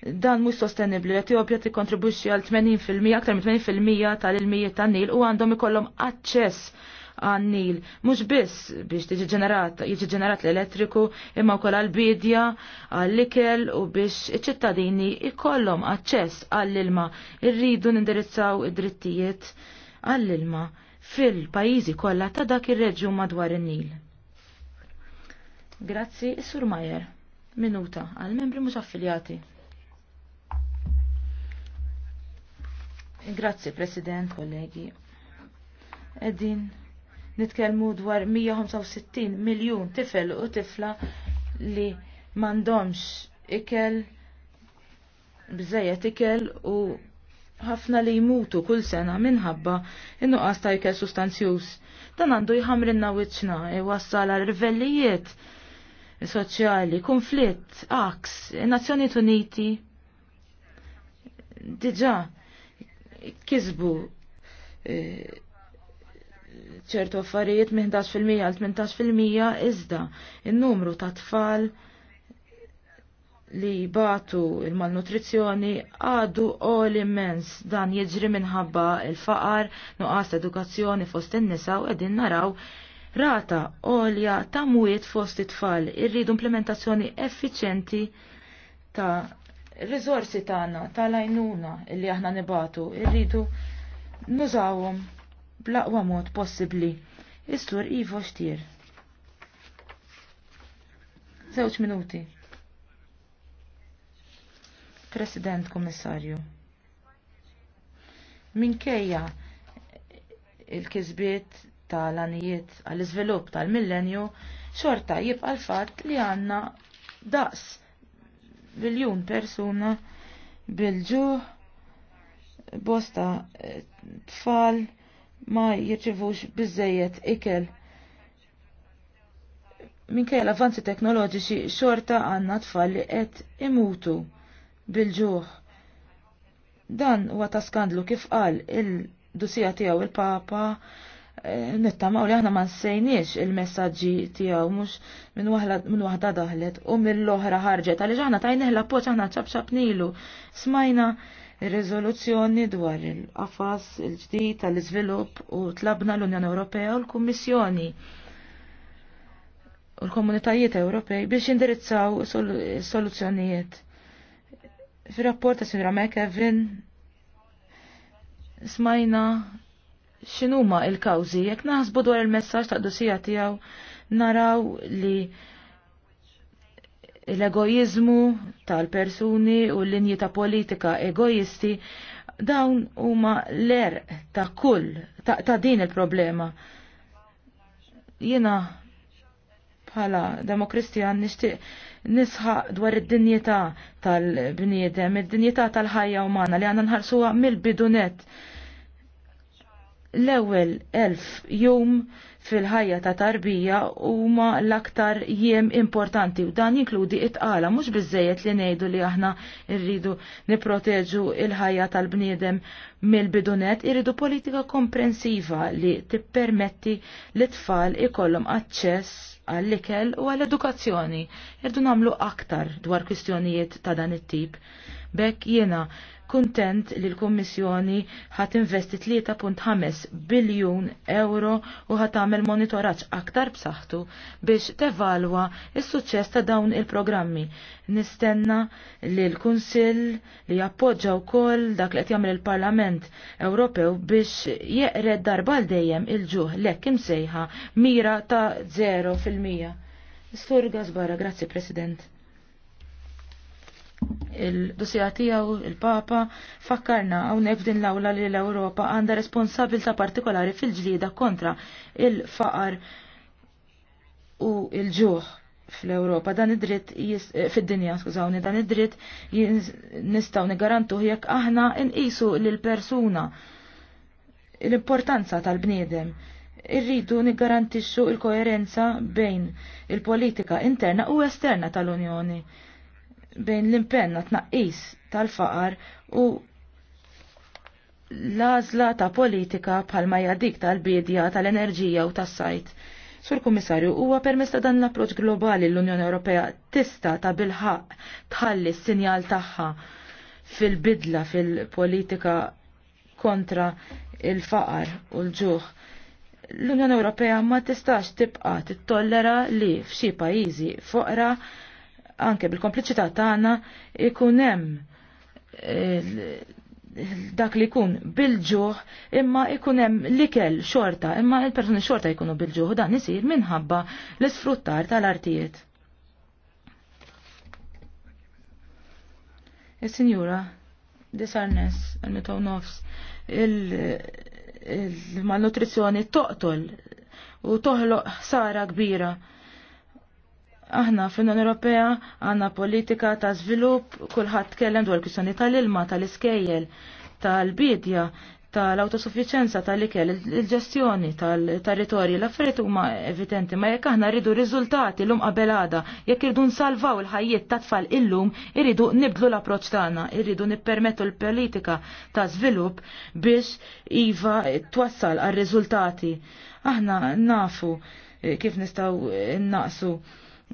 Dan mhux sostenibbli, l-Etjopja tikkontribwixxi għal 80% aktar minn 80% tal-ilmijiet tan-Nil u għandhom ikollhom aċċess għan-Nil. Mhux biss biex tiġi ġenerat, jiġi ġenerat l-elettriku imma wkoll għall-bidja, għall-ikel u biex iċ-ċittadini ikollhom aċċess għall-ilma. Irridu nindirizzaw id-drittijiet għall-ilma fil-pajjiżi kollha ta' dak ir-reġjun madwar in-Nil. Grazzi, Sur Majer. Minuta, għal membri mhux affiljati. Grazzi, President, kollegi. Eddin, nitkelmu dwar 165 miljon tifel u tifla li mandomx ikel bżejjed ikel u ħafna li jmutu kull sena minħabba innuqas ta' ikel sustanzjuż. Dan għandu jħamrinna wiċċna i wassala rivellijiet soċjali, konflitt, aks, Nazzjonijiet Uniti. Diġa, kisbu e, ċertu affarijiet minn fil-mija għal 18% iżda in-numru ta' tfal li batu il-malnutrizzjoni għadu all immens dan jiġri minħabba il-faqar, nuqqas edukazzjoni fost in-nisa u qegħdin naraw rata olja ta' mwiet fost it-tfal irridu implementazzjoni effiċenti ta' il-rizorsi tagħna tal-għajnuna li aħna nibatu irridu nużawhom bl-aqwa mod possibbli. Istur Ivo Xtier. Zewċ minuti. President Kommissarju. Minkejja il-kizbiet tal-anijiet għall-izvilupp tal-millenju, xorta jibqa l-fatt li għanna daqs biljun persuna bil-ġuħ bosta eh, tfal ma jirċivux bizzejiet ikel. Minkejja l-avanzi teknoloġiċi xorta għanna tfal li qed imutu bil-ġuħ. Dan huwa ta' skandlu kif qal il-dusija tiegħu il-Papa Eh, nittamaw li aħna ma nsejniex il-messagġi tiegħu mhux minn waħda daħlet u mill-oħra ħarġet għaliex aħna tajnih l aħna ċabċab nilu. Smajna il riżoluzzjoni dwar il-qafas il-ġdid tal-iżvilupp u tlabna l-Unjoni Ewropea u l-Kummissjoni u l-komunitajiet Ewropej biex indirizzaw soluzzjonijiet. Fir-rapport ta' Sindra Mekevin smajna x'inhuma il-kawżi jekk naħsbu dwar il-messaġġ ta' dosija tiegħu naraw li l-egoizmu tal-persuni u l-linji ta' politika egoisti dawn huma l er ta' kull ta', ta din il-problema. Jiena bħala demokristjan nixtieq nisħaq dwar id-dinjità tal-bniedem, id-dinjità tal-ħajja umana li għandna nħarsuha mill-bidunet l-ewwel elf jum fil-ħajja ta' tarbija huma l-aktar jiem importanti u dan jinkludi it-qala mhux bizzejet li ngħidu li aħna rridu nipproteġu il-ħajja tal-bniedem mill-bidunet irridu politika komprensiva li tippermetti li tfal ikollhom aċċess għall-ikel u għall-edukazzjoni. Irridu namlu aktar dwar kwistjonijiet ta' dan it-tip. Bekk jiena kuntent li l-Kommissjoni ħat investi 3.5 biljun euro u ħat tagħmel monitoraġġ aktar b'saħħtu biex tevalwa is-suċċess ta' dawn il-programmi. Nistenna li l-Kunsill li jappoġġa wkoll dak li qed jagħmel il-Parlament Ewropew biex jeqred darba l dejjem il-ġuħ lekk imsejħa mira ta' 0 fil-mija. grazzi President il-dosija tijaw, il-papa, fakkarna għawnek din l-awla li l-Europa għanda responsabilta partikolari fil-ġlida kontra il-faqar u il-ġuħ fl-Europa. Dan id-dritt, eh, fil-dinja, skużawni, dan id-dritt nistaw negarantu jekk aħna nqisu l-persuna l-importanza tal-bniedem. Irridu nigarantixxu il-koerenza bejn il-politika interna u esterna tal-Unjoni bejn l-impenna tnaqqis tal-faqar u l-għażla ta' politika bħalma jadik tal-bidja tal-enerġija u tas-sajt. Sur Kummissarju, huwa permess dan l-approċ globali l-Unjoni Ewropea tista' ta' bilħaq tħalli s-sinjal tagħha fil-bidla fil-politika kontra il-faqar u l-ġuħ. L-Unjoni Ewropea ma tistax tibqa' tittollera li f'xi pajjiżi foqra anke bil-kompliċità tagħna ikun hemm eh, dak li jkun bil-ġuħ imma ikun hemm l-ikel xorta imma il-persuni xorta jkunu bil-ġuħ dan isir minħabba l-isfruttar tal-artijiet. Is-sinjura disarnes għal nofs il-malnutrizzjoni toqtol u toħloq sara kbira Aħna fl-Unjoni Ewropea għandna politika ta' żvilupp, kulħadd tkellem dwar kwistjoni tal-ilma, tal-iskejjel, tal-bidja, tal-autosuffiċenza tal-ikel, il-ġestjoni tal-territorji, l-affarijiet huma evidenti, ma jekk aħna rridu riżultati l-lum qabelada, jekk irridu nsalvaw il-ħajjiet ta' tfal illum, irridu nibdlu l-approċċ tagħna, irridu nippermettu l-politika ta' żvilupp biex iva twassal għar-riżultati. Aħna nafu kif nistgħu naqsu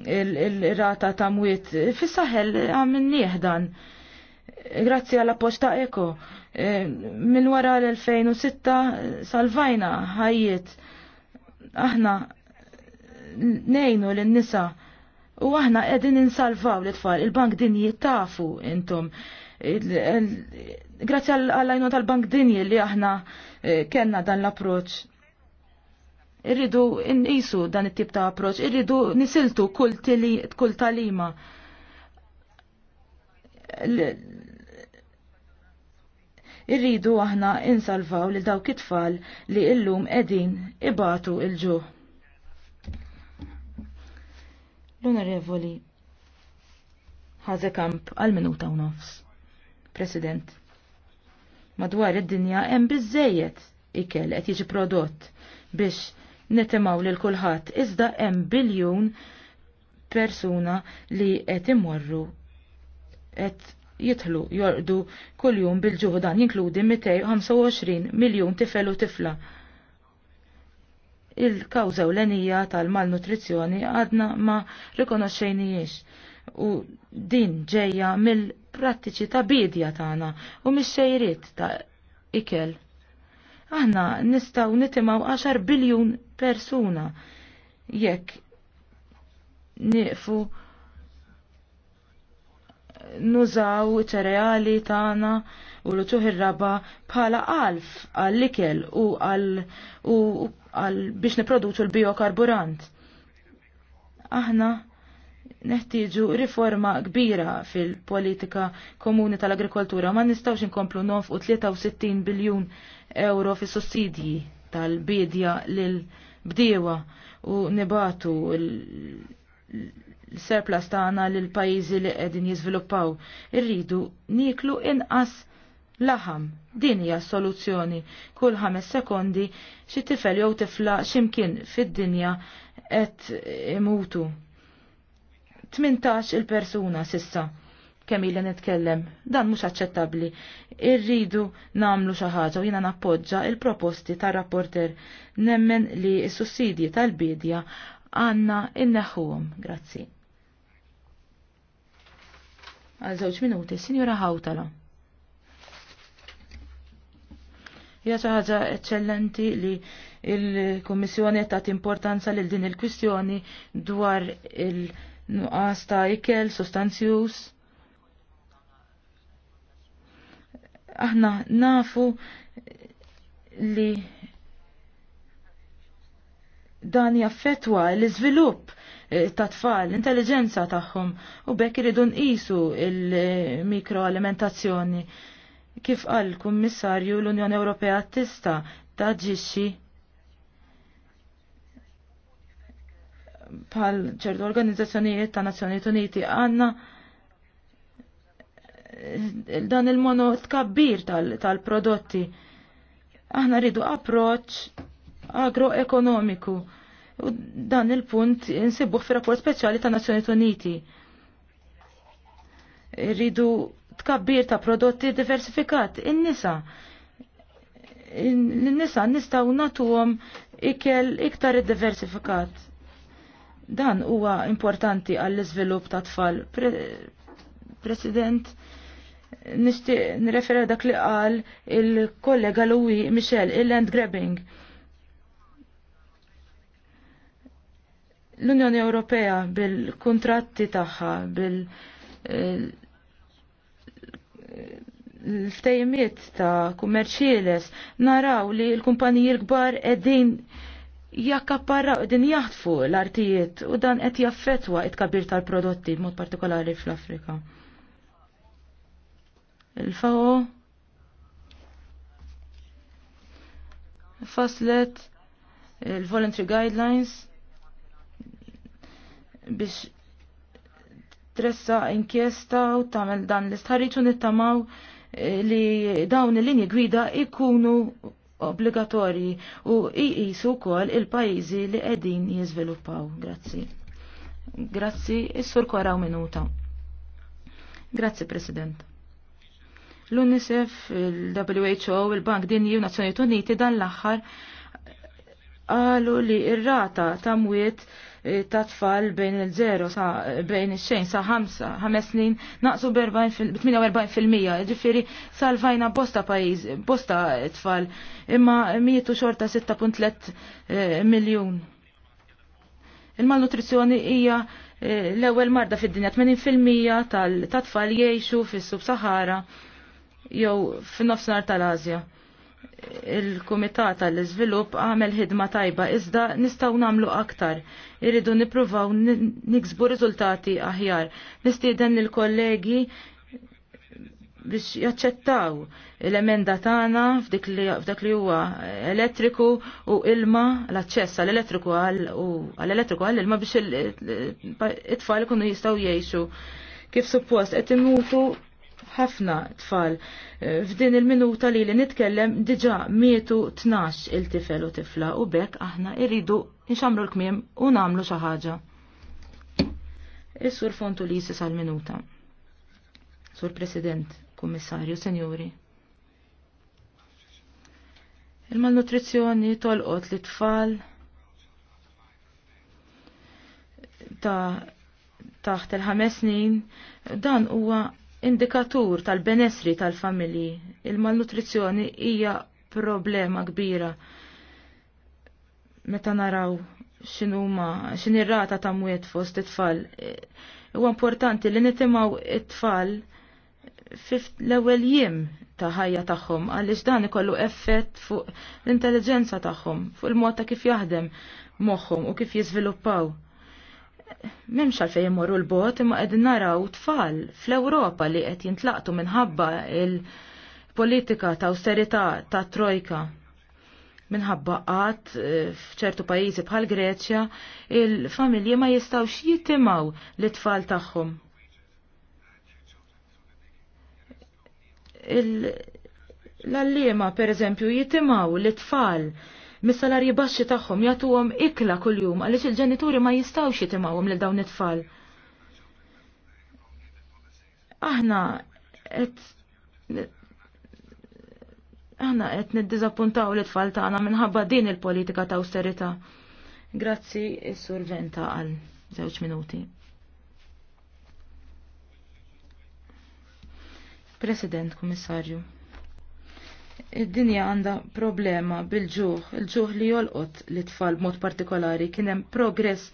il-rata ta' mwiet fis-saħel nieħdan. Grazzi għall apposta eko. E, Min wara l-2006 salvajna ħajjiet. Aħna nejnu l-nisa u aħna qegħdin insalvaw l-tfal. Il-bank dinji tafu intom. Grazzi għall-għajnu tal-bank dinji li aħna e, kenna dan l-approċ irridu nqisu dan it-tip ta' approċ, irridu nisiltu kull kull talima. Irridu aħna insalvaw lil dawk it-tfal li illum qegħdin ibatu il ġu L-Onorevoli Ħażekamp għal-minuta u nofs. President. Madwar id-dinja hemm biżejjed ikel qed jiġi prodott biex li lil kulħadd iżda hemm biljun persuna li qed imorru qed jitħlu jorqdu kuljum bil-ġuħu dan jinkludi 225 miljun tifel u tifla. Il-kawża l-enija tal-malnutrizzjoni għadna ma rikonoxxejnijiex u din ġejja mill-prattiċi ta' bidja tagħna u mix-xejriet ta' ikel aħna nistaw nitimaw 10 biljun persuna jekk niqfu nużaw ċereali tagħna u l ir-raba bħala alf għall-ikel u għal u għal biex niproduċu l-biokarburant. Aħna neħtieġu riforma kbira fil-politika komuni tal-agrikoltura ma nistawx inkomplu nofqu 63 biljun euro fi sussidji tal-bidja lil bdiewa u nibatu l-surplus tagħna lil pajjiżi li qegħdin jiżviluppaw. Irridu niklu inqas laħam. Din hija soluzzjoni. Kull ħames sekondi xi tifel jew tifla x'imkien fid-dinja qed imutu 18 il-persuna sissa kemm ilha nitkellem. Dan mhux aċċettabbli. Irridu nagħmlu xi ħaġa u jiena nappoġġa il-proposti tar-rapporter nemmen li s-sussidji tal-bidja għandna inneħħuhom. Grazzi. Għal żewġ minuti, Sinjura Hawtala. Hija xi ħaġa eċċellenti li il-Kummissjoni tagħti importanza lil din il-kwistjoni dwar il-, -il nuqqas ta' ikel sostanzjuż. Aħna nafu li dan jaffetwa l-iżvilupp eh, ta' tfal, l-intelligenza tagħhom u bekk iridu nqisu il-mikroalimentazzjoni. Kif qal kummissarju l-Unjoni Ewropea tista' taġġixxi pal ċertu organizzazzjonijiet ta' Nazzjonijiet Uniti għanna eh, dan il-mono tkabbir tal-prodotti. Tal Aħna rridu approċ agroekonomiku. U dan il-punt insibbuħ fi rapport speċjali ta' Nazzjonijiet Uniti. Rridu tkabbir ta' prodotti diversifikat. In-nisa in nisa nistaw natuhom ikel iktar diversifikat Dan huwa importanti għall-iżvilupp ta' tfal. Pre President, nixtieq nirefera dak li qal il-kollega Louis Michel, il-land grabbing. L-Unjoni Ewropea bil-kontratti tagħha, bil-, eh, l-ftejmiet ta' kummerċieles naraw li l-kumpaniji l-kbar edin u din jaħtfu l-artijiet u dan qed jaffetwa it-kabir tal-prodotti b'mod partikolari fl-Afrika. il faw faslet il-voluntary guidelines biex tressa inkjesta u tamel dan l istħarriċu u nittamaw li dawn il-linji gwida ikunu obbligatorji u jqisu wkoll il-pajjiżi li qegħdin jiżviluppaw. Grazzi. Grazzi, is-sur koraw minuta. Grazzi, President. L-UNICEF, il-WHO, il-Bank Dinji u Nazzjonijiet Uniti dan l-aħħar qalu li ir-rata ta' mwiet Eh, ta' tfal bejn il-0 sa bejn il-xejn sa' 5 ħames snin naqsu b'48% ġifiri salvajna bosta pajiz, bosta tfal imma mietu xorta 6.3 eh, miljon. Il-malnutrizzjoni hija eh, l-ewwel marda fid-dinja 80% tal-tfal jgħixu fis-Sub-Sahara jew fin-nofsinhar tal-Asja il-Kumitat tal-Iżvilupp għamel ħidma tajba iżda nistgħu nagħmlu aktar. Irridu nippruvaw niksbu riżultati aħjar. Nistieden lill-kollegi biex jaċċettaw l-emenda tagħna f'dak li huwa elettriku u ilma l-aċċess għall-elettriku għall-elettriku għall-ilma biex it-tfal ikunu jistgħu jgħixu kif suppost qed imutu ħafna tfal eh, f'din il-minuta li li nitkellem diġa mietu tnax il-tifel u tifla u bekk aħna irridu nxamlu l-kmiem u namlu xi ħaġa. Is-sur fontu li jisisal minuta. Sur President, Kummissarju, Senjuri. Il-malnutrizzjoni tolqot li tfal ta' taħt il-ħames snin dan huwa indikatur tal-benessri tal-familji. Il-malnutrizzjoni hija problema kbira. Meta naraw x'inhuma x'inirrata ta' mwiet fost it-tfal. Huwa importanti li nitimgħu it-tfal l-ewwel jiem ta' ħajja tagħhom għaliex dan ikollu effett fuq l-intelligenza tagħhom, fuq il-mod ta' kif jaħdem moħħhom u kif jiżviluppaw memx għalfej jmorru l-bot imma qegħdin naraw tfal fl-Ewropa li qed jintlaqtu minħabba il-politika ta' austerità ta' trojka minħabba qatt eh, f'ċertu pajjiżi bħal Greċja il-familji ma jistawx jittimaw l-tfal tagħhom. L-allima per eżempju jittimaw l-tfal mis-salarji baxxi tagħhom jagħtuhom ikla kuljum għaliex il-ġenituri ma jistgħux jitimgħuhom lil dawn it-tfal. Aħna qed aħna qed niddiżappuntaw l-tfal tagħna minħabba din il-politika ta' austerità. Grazzi is-sur Venta għal żewġ minuti. President, Kummissarju. Id-dinja għandha problema bil-ġuħ, il-ġuħ li jolqot li tfal mod partikolari kien hemm progress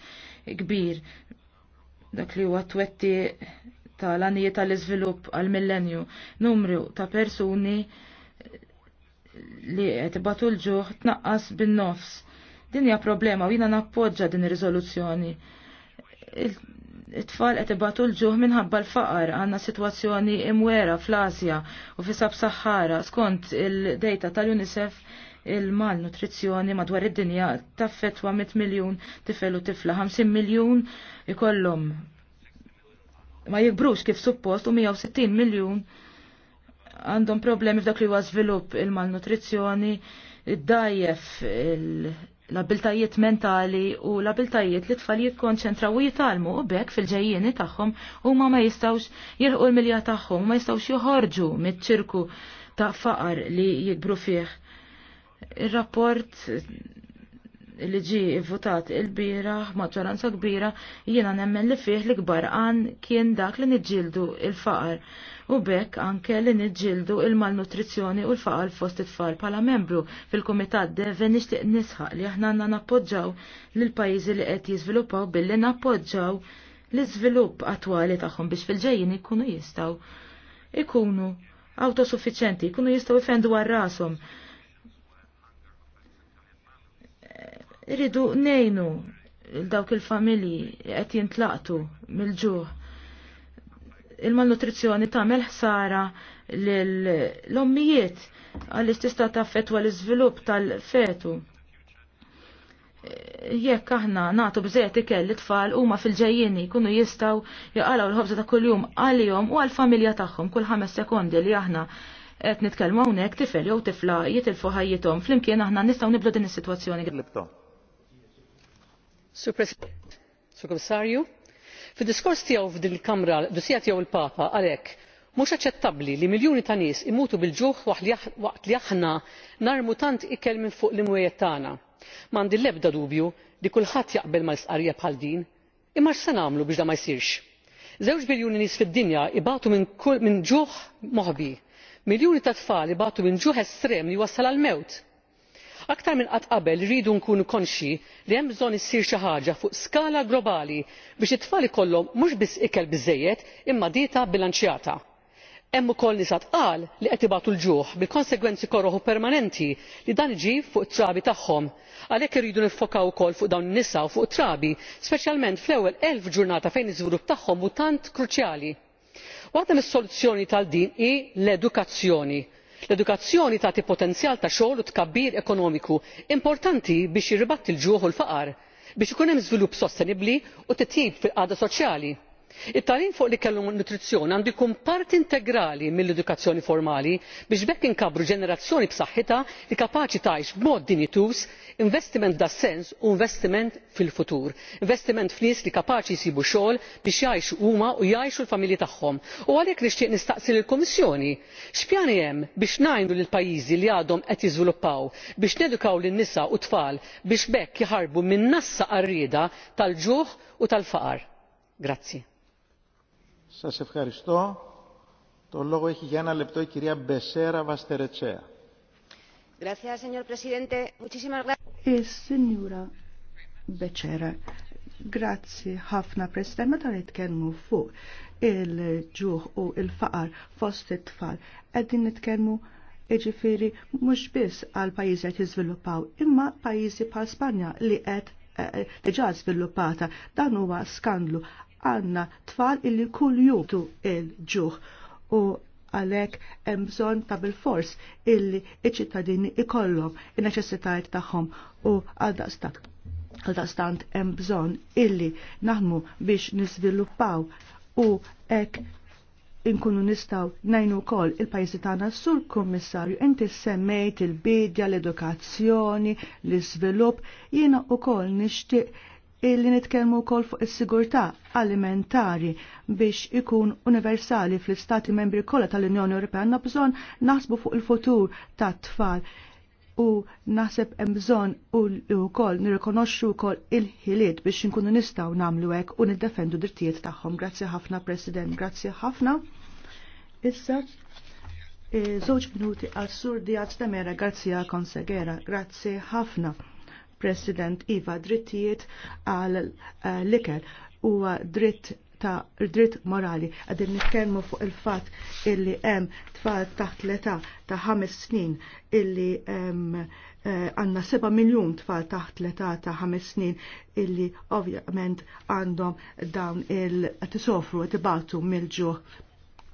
kbir dak li huwa twetti tal-għanijiet tal-iżvilupp għal-millenju. Numru ta' persuni li qed ibatu l-ġuħ tnaqqas bin-nofs. Din hija problema u jina nappoġġa din ir rizoluzzjoni it-tfal qed ibatu l-ġuħ minħabba l-faqar għandna sitwazzjoni imwera fl-Asja u fi sab-Sahara skont il-data tal-UNICEF il-malnutrizzjoni madwar id-dinja taffetwa 100 miljun tifel u tifla 50 miljun ikollhom ma jikbrux kif suppost u 160 miljun għandhom problemi f'dak li huwa żvilupp il-malnutrizzjoni id-dajjef il l-abiltajiet mentali u l-abiltajiet li tfalijiet konċentraw u jitalmu u bekk fil ġejjini tagħhom u ma ma jistawx jirħu l-milja tagħhom u ma jistawx joħorġu mit-ċirku ta' faqar li jikbru fih. Ir-rapport li ġi votat il-bira maġġoranza kbira jiena nemmen li fih li kbar għan kien dak li niġġildu il-faqar u bekk anke li niġġildu il-malnutrizzjoni u l-faqar fost it-tfal pala membru fil-komitat deve nixtieq nisħaq li aħna għandna nappoġġaw l pajjiżi li qed jiżviluppaw billi nappoġġaw l-iżvilupp attwali tagħhom biex fil-ġejjin ikunu jistgħu ikunu autosuffiċenti, ikunu jistgħu ifendu għar Rridu nejnu dawk il-familji qed jintlaqtu mill-ġuħ. Il-malnutrizzjoni tagħmel ħsara l-ommijiet għaliex tista' taffettwa l-iżvilupp tal-fetu. Jekk aħna nagħtu bżejjed ikel tfal huma fil ġejjini jkunu jistgħu jaqalgħu l-ħobża ta' kuljum għalihom u għall-familja tagħhom kull ħames sekondi li aħna qed nitkellmu hawnhekk tifel jew tifla jitilfu ħajjithom flimkien aħna nistgħu nibdu din is-sitwazzjoni. Sur President, Sur Komissarju, fid-diskors tiegħu f'din il-Kamra dusija tiegħu il-Papa għalhekk mhux aċċettabbli li miljuni ta' nies imutu bil-ġuħ waqt li aħna narmu tant ikel minn fuq l imwejjed tagħna. M'għandi l-ebda dubju li kulħadd jaqbel ma' stqarrija bħal din, imma x'se nagħmlu biex da ma jsirx? Żewġ biljuni nies fid-dinja ibatu minn ġuħ moħħbi, miljuni ta' tfal ibatu minn ġuħ estrem li wassal għal mewt aktar minn qatt qabel irridu nkunu konxi li hemm bżonn issir xi ħaġa fuq skala globali biex it-tfal ikollhom mhux biss ikel biżżejjed imma dieta bbilanċjata. hemm ukoll nisa tqal li qed ibagħtu l-ġuħ bil konsegwenzi u permanenti li dan iġib fuq it-trabi tagħhom għalhekk irridu niffokaw ukoll fuq dawn in-nisa u fuq it-trabi speċjalment fl-ewwel elf ġurnata fejn iż-żvilupp tagħhom hu tant kruċjali. waħda mis-soluzzjoni tal din hi l edukazzjoni l-edukazzjoni tagħti potenzjal ta' xogħol u tkabbir ekonomiku importanti biex jirribatti il ġuħ u l faqar biex ikun hemm żvilupp sostenibbli u titjib fil qagħda soċjali it tagħlim fuq l-ikel għandu jkun part integrali mill-edukazzjoni formali biex b'hekk inkabbru ġenerazzjoni b'saħħitha li kapaċi tgħix b'mod dinjitus investiment b'dan sens u investiment fil-futur investiment f'nies li kapaċi jsibu xogħol biex jgħixu huma u jgħixu l-familji tagħhom u għalhekk nixtieq nistaqsi lill-kummissjoni x'pjani hemm biex ngħinu lill-pajjiżi li għadhom qed jiżviluppaw biex nedukaw lin-nisa u t-tfal biex b'hekk jaħarbu min-nassa qarrieda tal ġuħ u tal faqar. Σας ευχαριστώ. Το λόγο έχει για ένα λεπτό η κυρία Μπεσέρα Βαστερετσέα. Gracias, señor presidente. Muchísimas gracias. E signora Becerra, grazzi ħafna president, meta nitkellmu fuq il-ġuħ u il-faqar fost it-tfal, qegħdin nitkellmu iġifiri mhux biss għal pajjiżi qed jiżviluppaw, imma pajjiżi bħal Spanja li qed eh, eh, diġà żviluppata. Dan huwa skandlu għanna tfal illi kull jutu il-ġuħ u għalek emżon ta' bil-fors illi iċ-ċittadini ikollhom in-neċessitajiet tagħhom u għaldaqstant għaldaqstant hemm bżonn illi naħmu biex niżviluppaw u hekk inkunu nistaw najnu kol il-pajzi tagħna sur Kommissarju, inti semmejt il-bidja, l-edukazzjoni, l-iżvilupp, jiena kol nixtieq illi nitkellmu wkoll fuq is-sigurtà alimentari biex ikun universali fl-istati membri kollha tal-Unjoni Ewropea għandna bżonn naħsbu fuq il-futur tat-tfal u naħseb hemm bżonn u nirrikonoxxu wkoll il-ħiliet biex inkunu nistgħu nagħmlu hekk u niddefendu drittijiet tagħhom. Grazzi ħafna President, grazzi ħafna. Issa eh, żewġ minuti għal Sur Diaz Temera Garzija Konsegera. Grazzi ħafna. President Iva drittijiet għal eh, l-ikel u dritt ta' dritt morali. Għadin nitkelmu fuq il-fat illi hemm tfal taħt l-età ta' ħames snin illi eh, għanna 7 miljon tfal taħt l-età ta' ħames snin illi ovvjament għandhom dawn il-tisofru tibatu mill-ġuħ.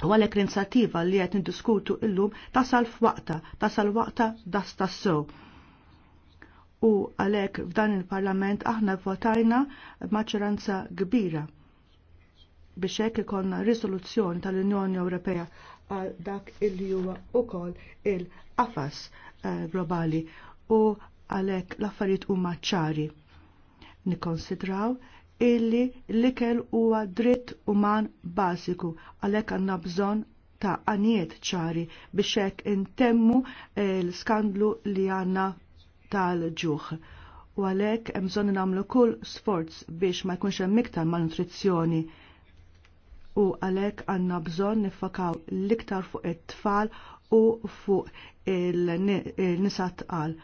U għalek l-inizjattiva li għet nidiskutu illum tasal f'waqta, tasal waqta das tassow. -tas u għalek f'dan il-parlament aħna votajna maċċeranza kbira biex hekk ikonna risoluzzjoni tal-Unjoni Ewropea għal dak illi huwa ukoll il-qafas eh, globali u għalhekk l-affarijiet huma ċari. Nikkonsidraw illi l-ikel huwa dritt uman bażiku għalhekk għandna bżonn ta' għaniet ċari biex hekk intemmu eh, l-skandlu li għandna tal-ġuħ. U għalhekk hemm bżonn nagħmlu kull sforz biex ma jkunx hemm iktar malnutrizzjoni u għalhekk għandna bżonn nifakaw l-iktar fuq it-tfal u fuq il-nisa tqal.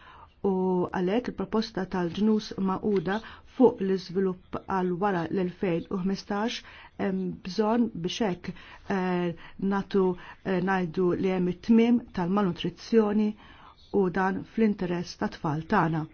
U għalhekk il-proposta tal-ġnus maquda fuq l-iżvilupp għal wara l-2015 hemm bżonn biex hekk eh, natu eh, ngħidu li hemm it-tmiem tal-malnutrizzjoni u dan fl-interess ta' tfal tagħna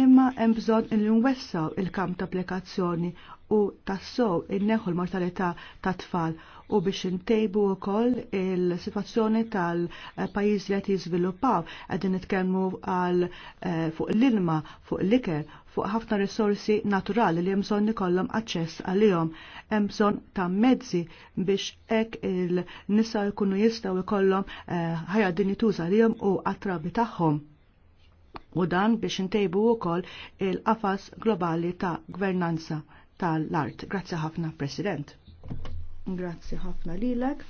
imma hemm bżonn li nwessaw il-kamp ta' applikazzjoni u tassow inneħu l-mortalità ta' tfal u biex intejbu wkoll il-sitwazzjoni tal-pajjiżi li qed jiżviluppaw qegħdin nitkellmu għal eh, fuq l-ilma, fuq l-ikel, fuq ħafna risorsi naturali li hemm bżonn ikollhom aċċess għalihom. Hemm bżonn ta' mezzi biex hekk il-nisa jkunu jistgħu jkollhom eh, ħajja din jituża għalihom u għat-trabi tagħhom u dan biex intejbu wkoll il-qafas globali ta' gvernanza tal-art. Grazzi ħafna, President. Grazzi ħafna lilek.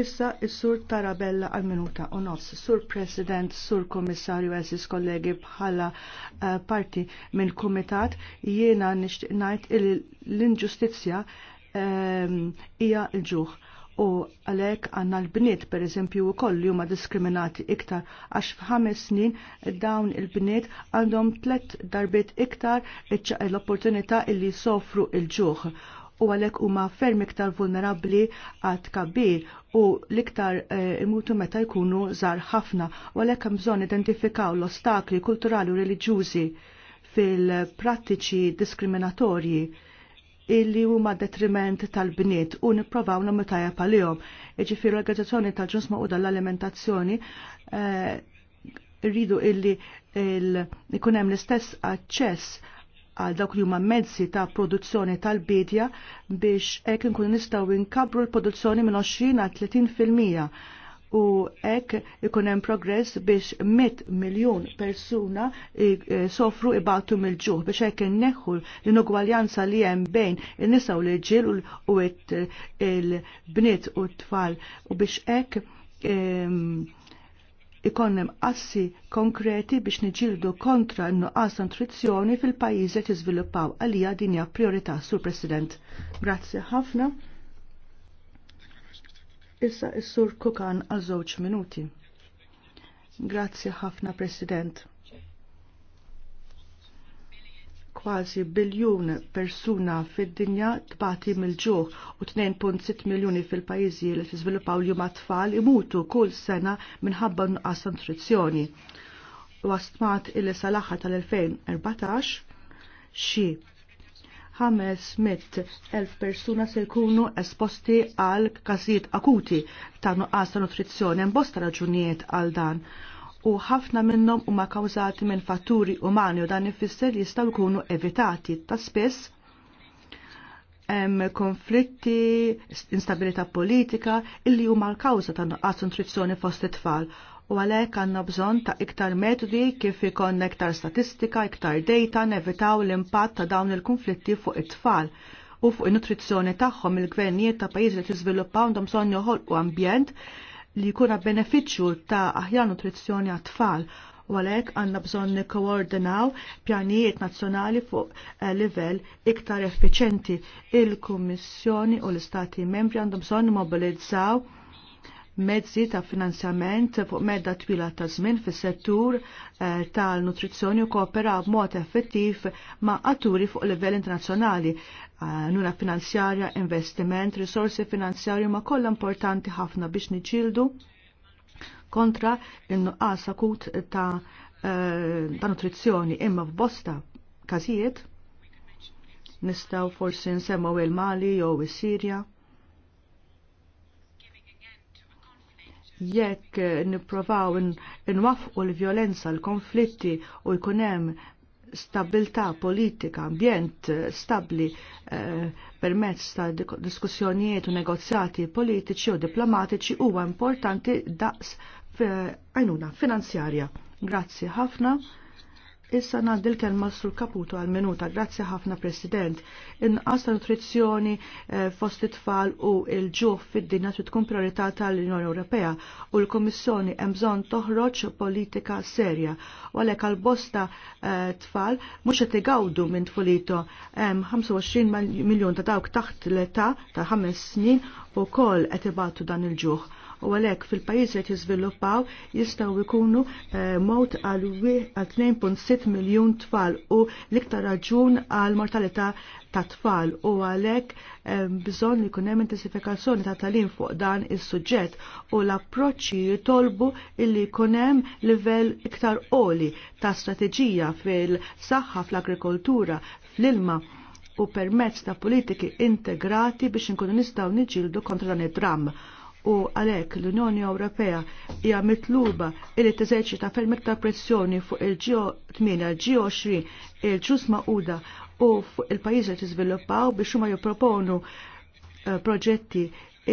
Issa is-Sur Tarabella għal minuta u nofs, Sur President, Sur Komissarju Esis kollegi bħala uh, parti minn Kumitat jiena nixtieq ngħid l-inġustizzja ehm, hija um, l-ġuħ u għalek għanna l-bniet per eżempju u koll li huma diskriminati iktar għax f'ħames snin dawn il-bniet għandhom tlet darbiet iktar l-opportunità illi sofru il-ġuħ u għalek huma ferm iktar vulnerabli għad kabir u l-iktar eh, imutu meta jkunu żar ħafna u għalek hemm bżonn identifikaw l-ostakli kulturali u reliġjużi fil-prattiċi diskriminatorji illi huma detriment tal-bniet u nipprovaw nagħmlu tajja palihom. Jiġifieri l-organizzazzjoni tal-ġuns maquda l-alimentazzjoni eh, rridu illi ikun hemm l-istess aċċess għal dawk li huma mezzi ta' produzzjoni tal-bidja biex hekk inkunu nistgħu nkabru l-produzzjoni minn 20 għal 30 fil-mija u ek ikun hemm progress biex 100 miljun persuna e, sofru ibatu mill-ġuħ biex hekk inneħħu l-inugwaljanza li hemm bejn in-nisa u l-ġil u il-bniet u t-tfal u biex hekk ikonnem assi konkreti biex niġildu kontra n-nuqqas nutrizzjoni fil pajizet li għalija dinja priorità sur President. Grazzi ħafna. Issa is-sur Kukan għal żewġ minuti. Grazzi ħafna President. Kważi biljun persuna fid-dinja tbati mill-ġuħ u 2.6 miljuni fil-pajjiżi li tiżviluppaw li huma tfal imutu kull sena minħabba nuqqas nutrizzjoni. U għastmat il-salaħħa li tal-2014 xi 500.000 persuna se jkunu esposti għal każijiet akuti ta' nuqqas ta' nutrizzjoni hemm bosta raġunijiet għal dan u ħafna minnhom huma kawżati minn fatturi umani u dan ifisser jistgħu jkunu evitati ta' spiss hemm konflitti, instabilità politika illi huma l-kawża ta' nuqqas nutrizzjoni fost it-tfal u għalhekk għandna bżonn ta' iktar metodi kif ikon iktar statistika, iktar data nevitaw l-impatt ta' dawn il-konflitti fuq it-tfal u fuq in-nutrizzjoni tagħhom il-gvernijiet ta' pajjiżi li tiżviluppaw għandhom bżonn joħolqu ambjent li jkun benefiċċju ta' aħjar nutrizzjoni għat-tfal u għalhekk għandna bżonn nikkoordinaw pjanijiet nazzjonali fuq eh, livell iktar effiċenti. Il-Kummissjoni u l-Istati membri għandhom bżonn mobilizzaw mezzi ta' finanzjament fuq medda twila ta' żmien fis-settur eh, tal-nutrizzjoni u koopera b'mod effettiv ma' atturi fuq livell internazzjonali eh, nuna finanzjarja, investiment, risorsi finanzjarju ma' kollha importanti ħafna biex niġildu kontra in-nuqqas akut ta' eh, ta' nutrizzjoni imma f'bosta każijiet nistgħu forsi nsemmaw il-Mali jew is-Sirja jekk nipprovaw nwafqu l-violenza, l-konflitti u jkunem stabilta politika, ambjent eh, stabli eh, permezz ta' diskussjonijiet u negozjati politiċi u diplomatiċi huwa importanti daqs eh, għajnuna finanzjarja. Grazzi ħafna. Issa naddi l-kelma sul kaputu għal minuta. Grazzi ħafna, President. Inqas ta' nutrizzjoni eh, fost it-tfal u l-ġuf fid-dinja trid tkun priorità tal-Unjoni Ewropea u l-Kummissjoni hemm bżonn toħroġ politika serja. U għalhekk għal bosta eh, tfal mhux qed igawdu minn tfulito hemm 25 miljun ta' dawk taħt l-età ta' ħames snin u koll qed ibatu dan il-ġuħ u għalhekk fil-pajjiż qed jiżviluppaw jistgħu jkunu eh, mod għal 2.6 miljun tfal u l-iktar raġun għal mortalità ta' tfal u għalhekk eh, bżonn li jkun hemm intensifikazzjoni ta' talim fuq dan is-suġġett u l-approċċi jitolbu illi jkun hemm livell iktar oli ta' strateġija fil-saħħa fl-agrikoltura fl-ilma u permezz ta' politiki integrati biex inkunu nistgħu niġġieldu kontra dan id-dramm u għalhekk l-Unjoni Ewropea hija mitluba li teżerċita ferm iktar pressjoni fuq il ġio 8 il-ġio 20 il-ġus maquda u fuq il-pajjiżi li tiżviluppaw biex huma jipproponu eh, proġetti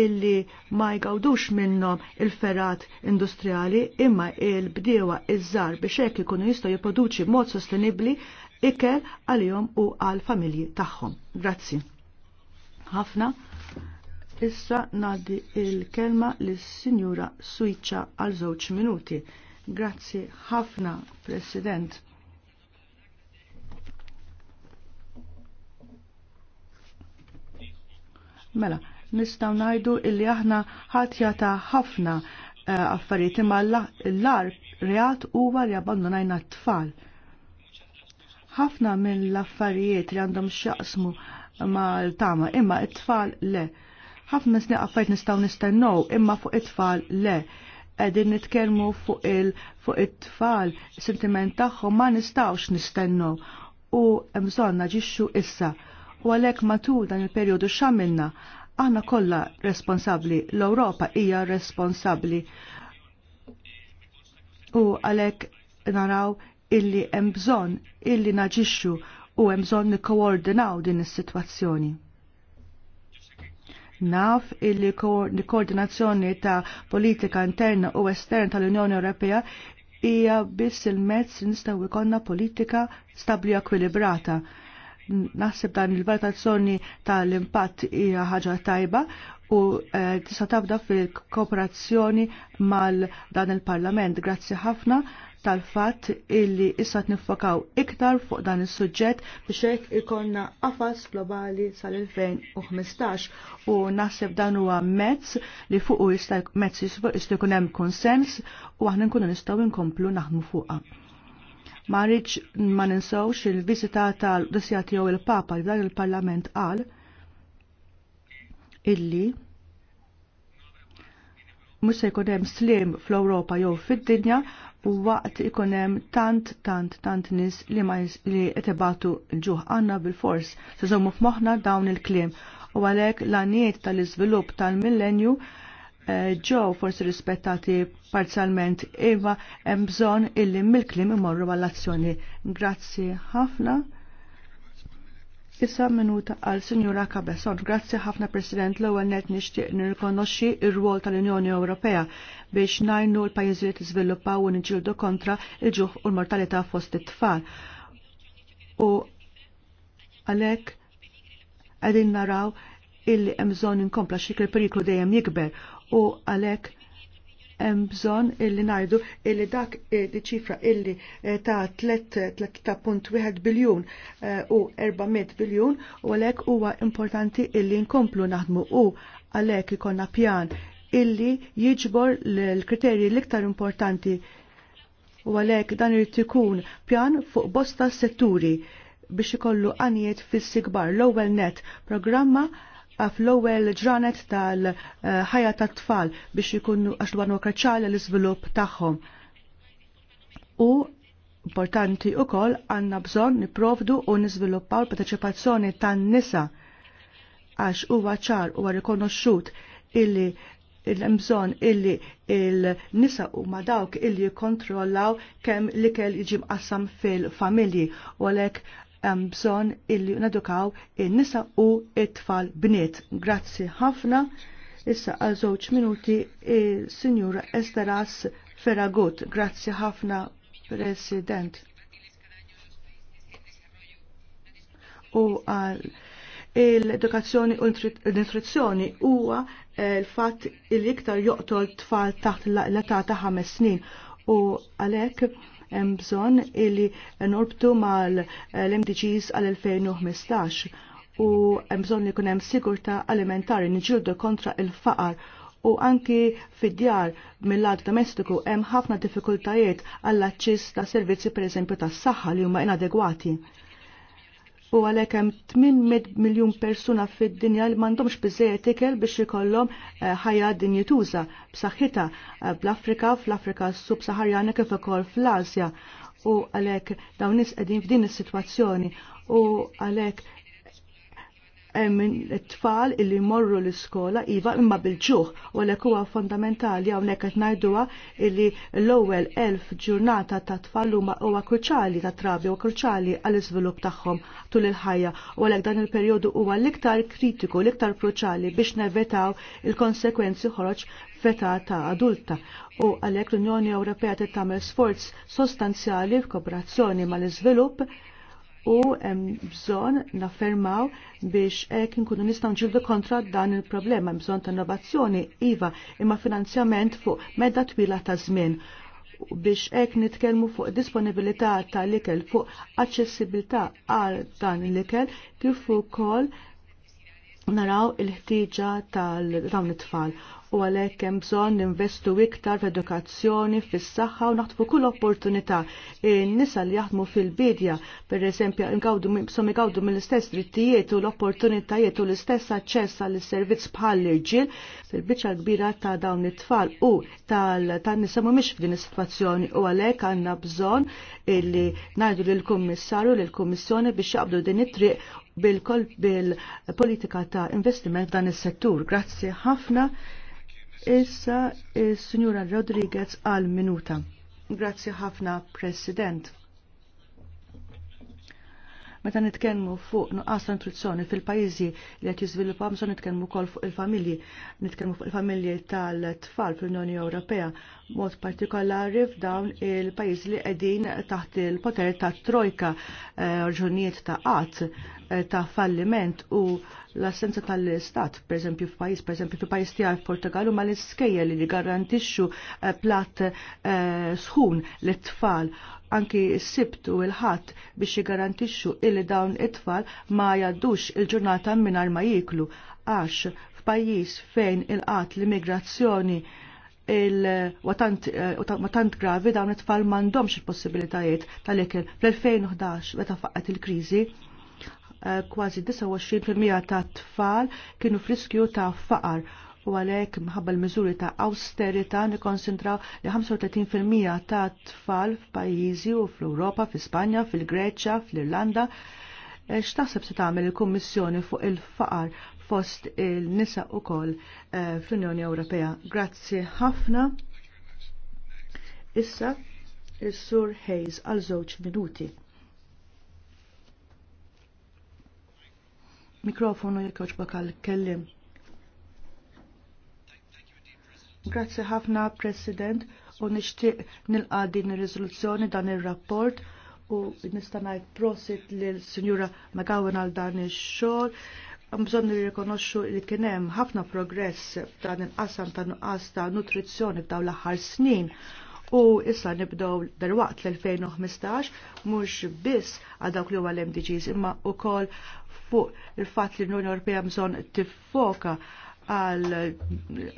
illi ma jgawdux minnhom il-ferat industrijali imma il-bdiewa iż-żar biex hekk ikunu jistgħu jipproduċi mod sostenibbli ikel għalihom u għal familji tagħhom. Grazzi. Ħafna. Issa ngħaddi il-kelma lis-Sinjura Suiċa għal żewġ minuti. Grazzi ħafna, President. Mela, nistaw najdu illi aħna ħatjata ħafna eh, affarijiet imma l-ar reat huwa li abbandonajna t-tfal. Ħafna mill affarijiet li għandhom xaqsmu mal tama imma t-tfal le ħafna sni għaffajt nistaw nistennow imma fuq it-tfal le għedin nitkelmu fuq il fuq it-tfal sentiment tagħhom ma nistawx nistennow u mżon naġixxu issa u għalhekk matul dan il-perjodu x'għamilna aħna kollha responsabbli l-Ewropa hija responsabbli u għalhekk naraw illi hemm bżonn illi naġixxu u hemm bżonn nikkoordinaw din is-sitwazzjoni. Naf il-koordinazzjoni ta' politika interna u estern tal-Unjoni Ewropea hija biss il-mezz nistgħu jkollna politika stabbli ekwilibrata. Naħseb dan il-valutazzjoni tal-impatt hija ħaġa tajba u eh, tista' tabda fil-kooperazzjoni mal dan il-Parlament. Grazzi ħafna tal-fatt illi issa tnifokaw iktar fuq dan is-suġġett biex hekk ikonna qafas globali sal-2015 u naħseb dan huwa mezz li fuq jista' mezz jista' jkun hemm konsens u aħna nkunu nistgħu nkomplu naħdmu fuqha. Ma rridx ma ninsewx il-viżita tal-Qdisja tiegħu il-Papa li dan il-Parlament qal illi musa se jkun hemm slim fl-Ewropa jew fid-dinja u waqt ikonem tant, tant, tant nis li ma li etebatu ġuħ għanna bil-fors, se f-moħna dawn il-klim u għalek l-għaniet tal-izvilup tal-millenju eh, ġew forsi rispettati parzialment imma hemm bżonn illi mill-klim imorru għall-azzjoni. Grazzi ħafna. Issa minuta għal Sinjura Cabezon. Grazzi ħafna President l ewwel net nixtieq nirrikonoxxi r-rwol tal-Unjoni Ewropea biex najnu l-pajjiżi li tiżviluppaw u niġġieldu kontra il-ġuħ u l-mortalità fost it-tfal. U għalhekk qegħdin naraw illi hemm bżonn inkompla xi periklu dejjem jikber u għalhekk hemm bżonn illi ngħidu illi dak di ċifra illi eh, ta' 3.1 biljun eh, u 400 biljun u għalhekk huwa importanti illi nkomplu naħdmu u għalhekk ikonna pjan illi jiġbor l-kriterji l-iktar importanti u għalhekk dan irid ikun pjan fuq bosta setturi biex ikollu għanijiet fis-sigbar l-ewwel net programma fl-ewwel ġranet tal-ħajja tat-tfal biex ikunu għax dwar kraċċali l-iżvilupp tagħhom. U importanti wkoll għandna bżonn nipprovdu u niżviluppaw il-parteċipazzjoni tan-nisa għax huwa ċar huwa rikonoxxut illi il-mżon illi il-nisa u dawk illi kontrollaw kem li kell jiġi mqassam fil-familji u għalek hemm bżonn illi nadukaw in-nisa u it-tfal bniet. Grazzi ħafna. Issa għal żewġ minuti il-Sinjura Esteras Ferragut. Grazzi ħafna, President. U għal l-edukazzjoni u l-nutrizzjoni huwa eh, l-fatt il-iktar joqtol tfal taħt l-età ta' ħames snin u għalhekk hemm bżonn illi norbtu mal-MDGs għal-2015 u hemm bżonn li jkun hemm sigurtà alimentari niġildu kontra il-faqar u anki fid-djar mill lad domestiku hemm ħafna diffikultajiet għall-aċċess ta' servizzi pereżempju tas-saħħa li huma inadegwati u għalek hemm 800 miljun persuna fid-dinja li m'għandhomx biżejjed ikel biex ikollhom eh, ħajja dinjetuża b'saħħitha eh, bl-Afrika, fl-Afrika subsaharjana kif ukoll fl-Asja u għalek dawn nies qegħdin f'din is-sitwazzjoni u għalek tfal illi morru l-iskola iva imma bil-ġuħ u l huwa fondamentali hawnhekk qed ngħidduha illi l-ewwel elf ġurnata ta' tfal huma huwa kruċali ta' trabi u kruċali għall iżvilupp tagħhom tul il-ħajja u għalhekk dan il-perjodu huwa l-iktar kritiku, l-iktar kruċali biex nevetaw il-konsekwenzi ħoroġ feta ta' adulta u għalhekk l-Unjoni Ewropea tagħmel sforz sostanzjali f'kooperazzjoni mal-iżvilupp u hemm bżonn naffermaw biex hekk inkunu nistgħu nġildu kontra dan il-problema, bżon ta' innovazzjoni iva imma finanzjament fuq medda twila ta' żmien biex ek nitkelmu fuq disponibilità ta' l-ikel, fuq aċċessibilità għal dan l-ikel, kif ukoll naraw il-ħtieġa tal dawn it-tfal u għalhekk hemm bżonn investu iktar f'edukazzjoni, fis-saħħa u naħtfu kull opportunità. In-nisa li jaħdmu fil-bidja, pereżempju, som igawdu mill-istess drittijiet u l-opportunitajiet u l-istess aċċess għall servizz bħal l-irġiel fil-biċċa kbira ta' dawn it-tfal u tan nisa mhumiex f'din is-sitwazzjoni u għalhekk għandna bżonn illi ngħidu lill-Kummissarju lill-Kummissjoni biex jaqbdu din it-triq bil-politika ta' investiment dan is-settur. Grazzi ħafna. Issa, il-Sinjura eh, Rodriguez għal minuta. Grazzi ħafna, President. Meta nitkellmu fuq nuqqas nutrizzjoni fil-pajjiżi li qed jiżviluppaw bżonn nitkellmu wkoll fuq il-familji, nitkellmu fuq il-familji tal-tfal fl-Unjoni Ewropea, mod partikolari f'dawn il-pajjiżi li qegħdin taħt il-poter ta' trojka, eh, raġunijiet ta' qatt, eh, ta' falliment u l-assenza tal-istat, per eżempju perżempju per eżempju tiegħi f'Portugal huma l-iskejja li garantixxu eh, platt sħun l-tfal anki s-sibtu il-ħat biex jgarantixxu illi dawn it-tfal ma jaddux il-ġurnata mingħajr ma jiklu għax f'pajjiż fejn il-qat l-immigrazzjoni il-watant eh, gravi dawn it-tfal mandomx il-possibilitajiet tal-ikel. Fl-2011, meta faqqet il-krizi, eh, kważi 29% ta' tfal kienu friskju ta' faqar u għalhekk mħabba l-miżuri ta' austerita nikkonsentraw li 35% ta' tfal f'pajjiżi u fl-Ewropa, fi Spanja, fil-Greċja, fl-Irlanda. Eh, x'taħseb se tagħmel il-Kummissjoni fuq il-faqar fost il-nisa ukoll eh, fl-Unjoni Ewropea. Grazzi ħafna. Issa is-Sur Hayes għal żewġ minuti. Mikrofonu jekk bakal kellim. Grazzi ħafna, President, u nixtieq nilqa' din ir-riżoluzzjoni dan ir-rapport u nista' ngħid prosit lill Sinjura Magawen għal dan ix-xogħol. Bżonn nirrikonoxxu li kien hemm ħafna progress f'dan il-qasam ta' nuqqas ta' nutrizzjoni f'dawn l-aħħar snin U issa nibdow darwaqt l-2015 mhux biss għal dawk li huwa l-MDGs imma wkoll fuq il-fatt li l-Unjoni Ewropea bżonn tiffoka għal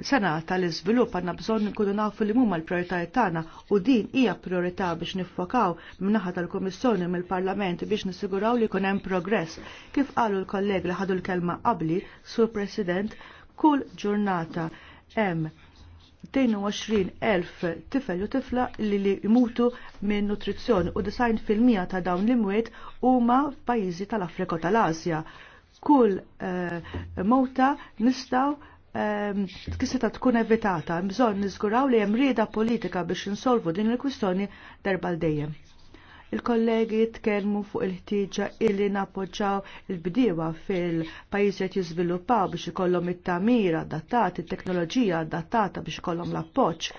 sena tal-izvilupp għanna bżon nkunu nafu li mumma l-prioritajiet tagħna u din hija priorità biex niffokaw minnaħa tal-Kummissjoni mill-Parlament biex nisiguraw li jkun hemm progress. Kif qalu l-kolleg li ħadu l-kelma qabli, Sur President, kull ġurnata hemm 22.000 tifel u tifla li li imutu minn nutrizzjoni u 90% ta' dawn l-imwiet huma f'pajjiżi tal-Afrika u tal-Asja. tal afrika u tal pajizi tal afrika u tal asja kull eh, mowta nistaw tkisseta eh, tkun evitata, bżon nizguraw li hemm rieda politika biex insolvu din il-kwistjoni darba l-dejjem. Il-kollegi tkellmu fuq il-ħtieġa illi napoġġaw il-bdiewa fil-pajjiż qed jiżviluppaw biex ikollhom it-tamir adattati, it-teknoloġija adattata biex ikollhom l-appoġġ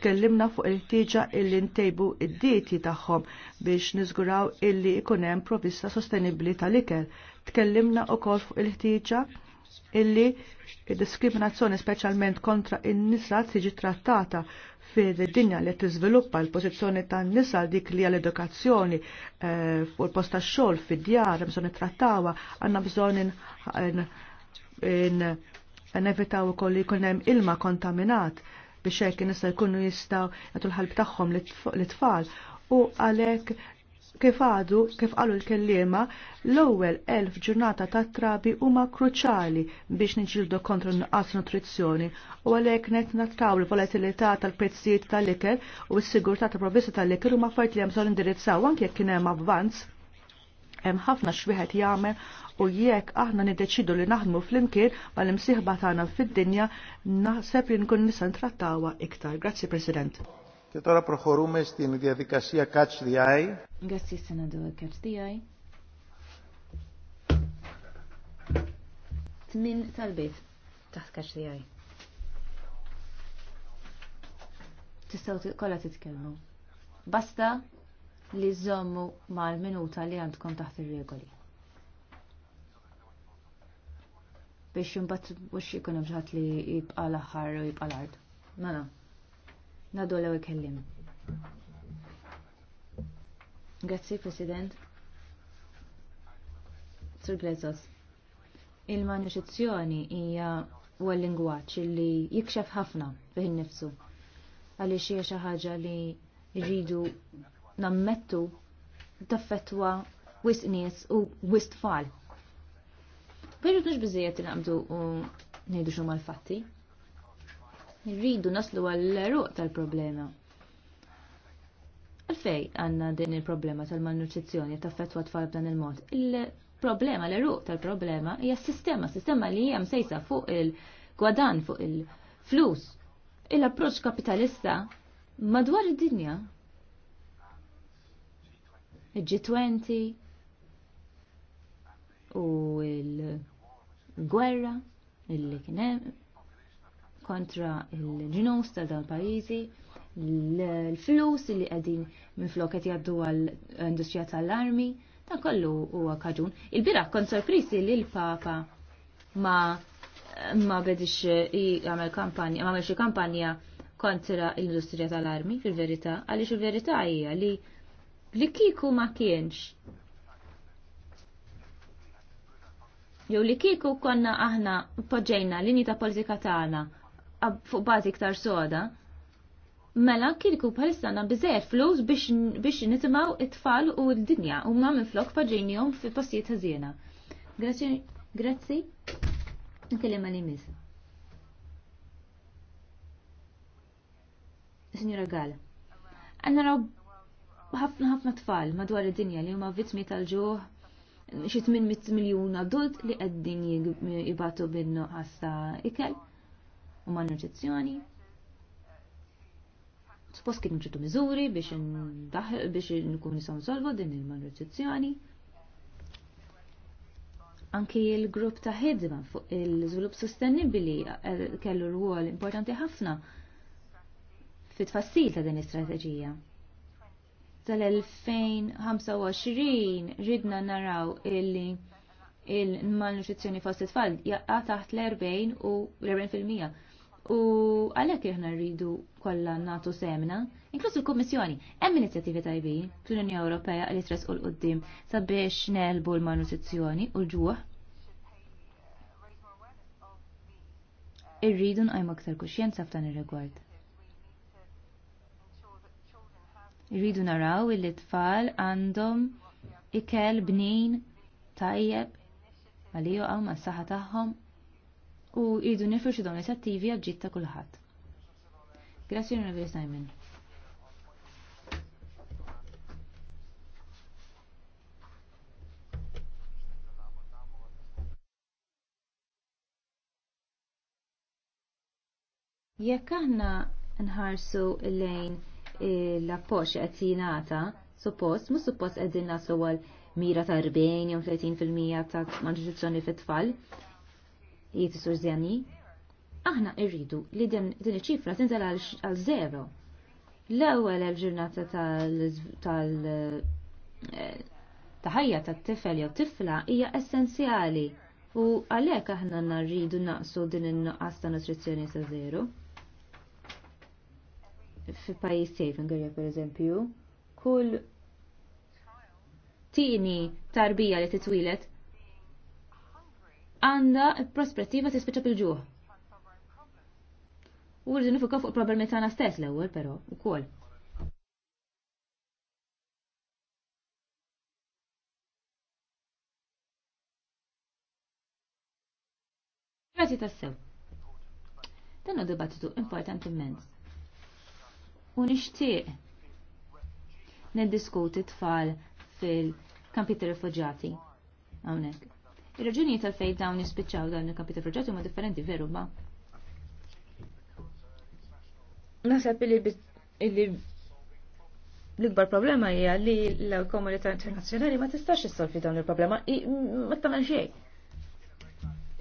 tkellimna fuq il-ħtieġa illi ntejbu id-dieti tagħhom biex niżguraw illi jkun hemm provista sostenibbli tal-ikel. Tkellimna wkoll fuq il-ħtieġa illi diskriminazzjoni speċjalment kontra in-nisa tiġi trattata fid-dinja li tiżviluppa l-pożizzjoni tan-nisa dik li għall-edukazzjoni fuq il-post tax-xogħol fid-djar bżonn trattawa għandna bżonn nevitaw ukoll li jkun hemm ilma kontaminat biex hekk nista' jkunu jistgħu jagħtu l-ħalb tagħhom l-tfal u għalhekk kif għadu, kif għalu l-kellima, l-ewwel elf ġurnata ta' trabi huma kruċali biex niġildu kontra qas nutrizzjoni u għalhekk net nattaw l-volatilità tal-prezzijiet tal-ikel u s-sigurtà ta' provvista tal-ikel huma fajt li hemm indirizzaw anke jekk kien hemm avvanz hemm ħafna xwieħed jagħmel u jekk aħna niddeċidu li naħdmu flimkien imkien mal-imsieħba tagħna fid-dinja naħseb li nkun nista' ntrattawha iktar. Grazzi President. Και τώρα προχωρούμε στην διαδικασία Catch the Eye. Grazzi Senador Catch the Eye. Tmin talbit taħt Catch the Eye. Tistgħu kollha titkellmu. Basta li żommu mal-minuta li għandkom taħt ir-regoli. Biex imbagħad mhux ikun bħat li jibqa' l u jibqa' l-art. Mela. Nadu l ikellim. Grazzi, President. Sur Glezos. Il-manuċezzjoni hija huwa l-lingwaġġ li jikxef ħafna fih nifsu għaliex hija xi ħaġa li rridu nammettu taffetwa wis nies u wis tfal. Pero tnux bizziet naqbdu u nejdu xum għal fatti Rridu naslu għall-ruq tal-problema. Għalfej għanna din il-problema tal-malnutrizzjoni taffetwa tfal b'dan il-mod. Il-problema, l-ruq tal-problema hija s-sistema, sistema li hija msejsa fuq il-gwadan, fuq il-flus. Il-approċ kapitalista madwar id-dinja il-G20 u l gwerra illi kienem kontra il-ġinus ta' dal pajizi l-flus li għedin minn floket jaddu għal-industrija tal-armi ta' kollu huwa kaġun. Il-bira kont sorpriżi li l-Papa ma ma bedix għamel kampanja, ma għamilx kampanja kontra l-industrija tal-armi fil-verità, għaliex il-verità hija li li kiku ma kienx. Jew li kiku konna aħna poġġejna l-inji ta' politika tagħna fuq bażi iktar soda, mela kiku bħalissa għandna biżejjed flus biex nitimgħu it-tfal u d-dinja u ma minflok poġġejnihom fi postijiet ħażiena. Grazzi, grazzi, nkellem għal imiz. Signora Gall, għanna ħafna ħafna tfal madwar id-dinja li huma vittmi tal-ġuħ xi 800 miljun adult li qegħdin jibatu bin ħassa ta' ikel u malnutrizzjoni. Suppost kien ġitu miżuri biex biex nkun nistgħu nsolvu din il-malnutrizzjoni. Anki l-grupp ta' ħidma fuq il-żvilupp sostenibbili eh, kellu rwol importanti ħafna fit-tfassil ta' din l-istrateġija tal-2025 ridna naraw illi il-malnutrizzjoni fost it-tfal jaqqa taħt l-40 u l-40%. U għalhekk aħna rridu kollha nagħtu semna, inklus il-Kummissjoni, hemm inizjattivi tajbin fl-Unjoni Ewropea li tres u l-qoddim sabiex nelbu l-malnutrizzjoni u l-ġuħ. Irridu nqajmu aktar kuxjenza f'dan ir-rigward. Irridu naraw il tfal għandhom ikel bnin tajjeb għalijo għaw ma' s-saħħa tagħhom u rridu nifru dawn l-attivi għal ta' kulħadd. Grazzi Universe Simon. Jekk aħna nħarsu lejn l-appoċ qed jingħata suppost, mhux suppost qegħdin naslu għal mira ta' 40 jew 30% fil-mija ta' malnutrizzjoni fit-tfal jiet surżjani. Aħna rridu li din iċ-ċifra tinżel għal zero. L-ewwel ġurnata tal eh, ta' ħajja tat-tifel jew tifla hija essenzjali u għalhekk aħna rridu naqsu din in-nuqqas ta' nutrizzjoni sa' zero fi pajis Ingerja per eżempju, kull tini tarbija li titwilet għandha prospettiva tispiċċa pil ġuħ U rridu nifuka fuq problemi tagħna stess l-ewwel però ukoll. Grazie tassew. Dan hu dibattitu importanti immens u nixtieq niddiskuti tfal fil-kampi refugjati għawnek. il Ir-raġunijiet tal fejt dawn jispiċċaw dawn il-kampi refugjati huma differenti veru ma. Naħseb li l-ikbar problema hija li l-komunità internazzjonali ma tistax issolvi dawn il-problema ma tagħmel xejn.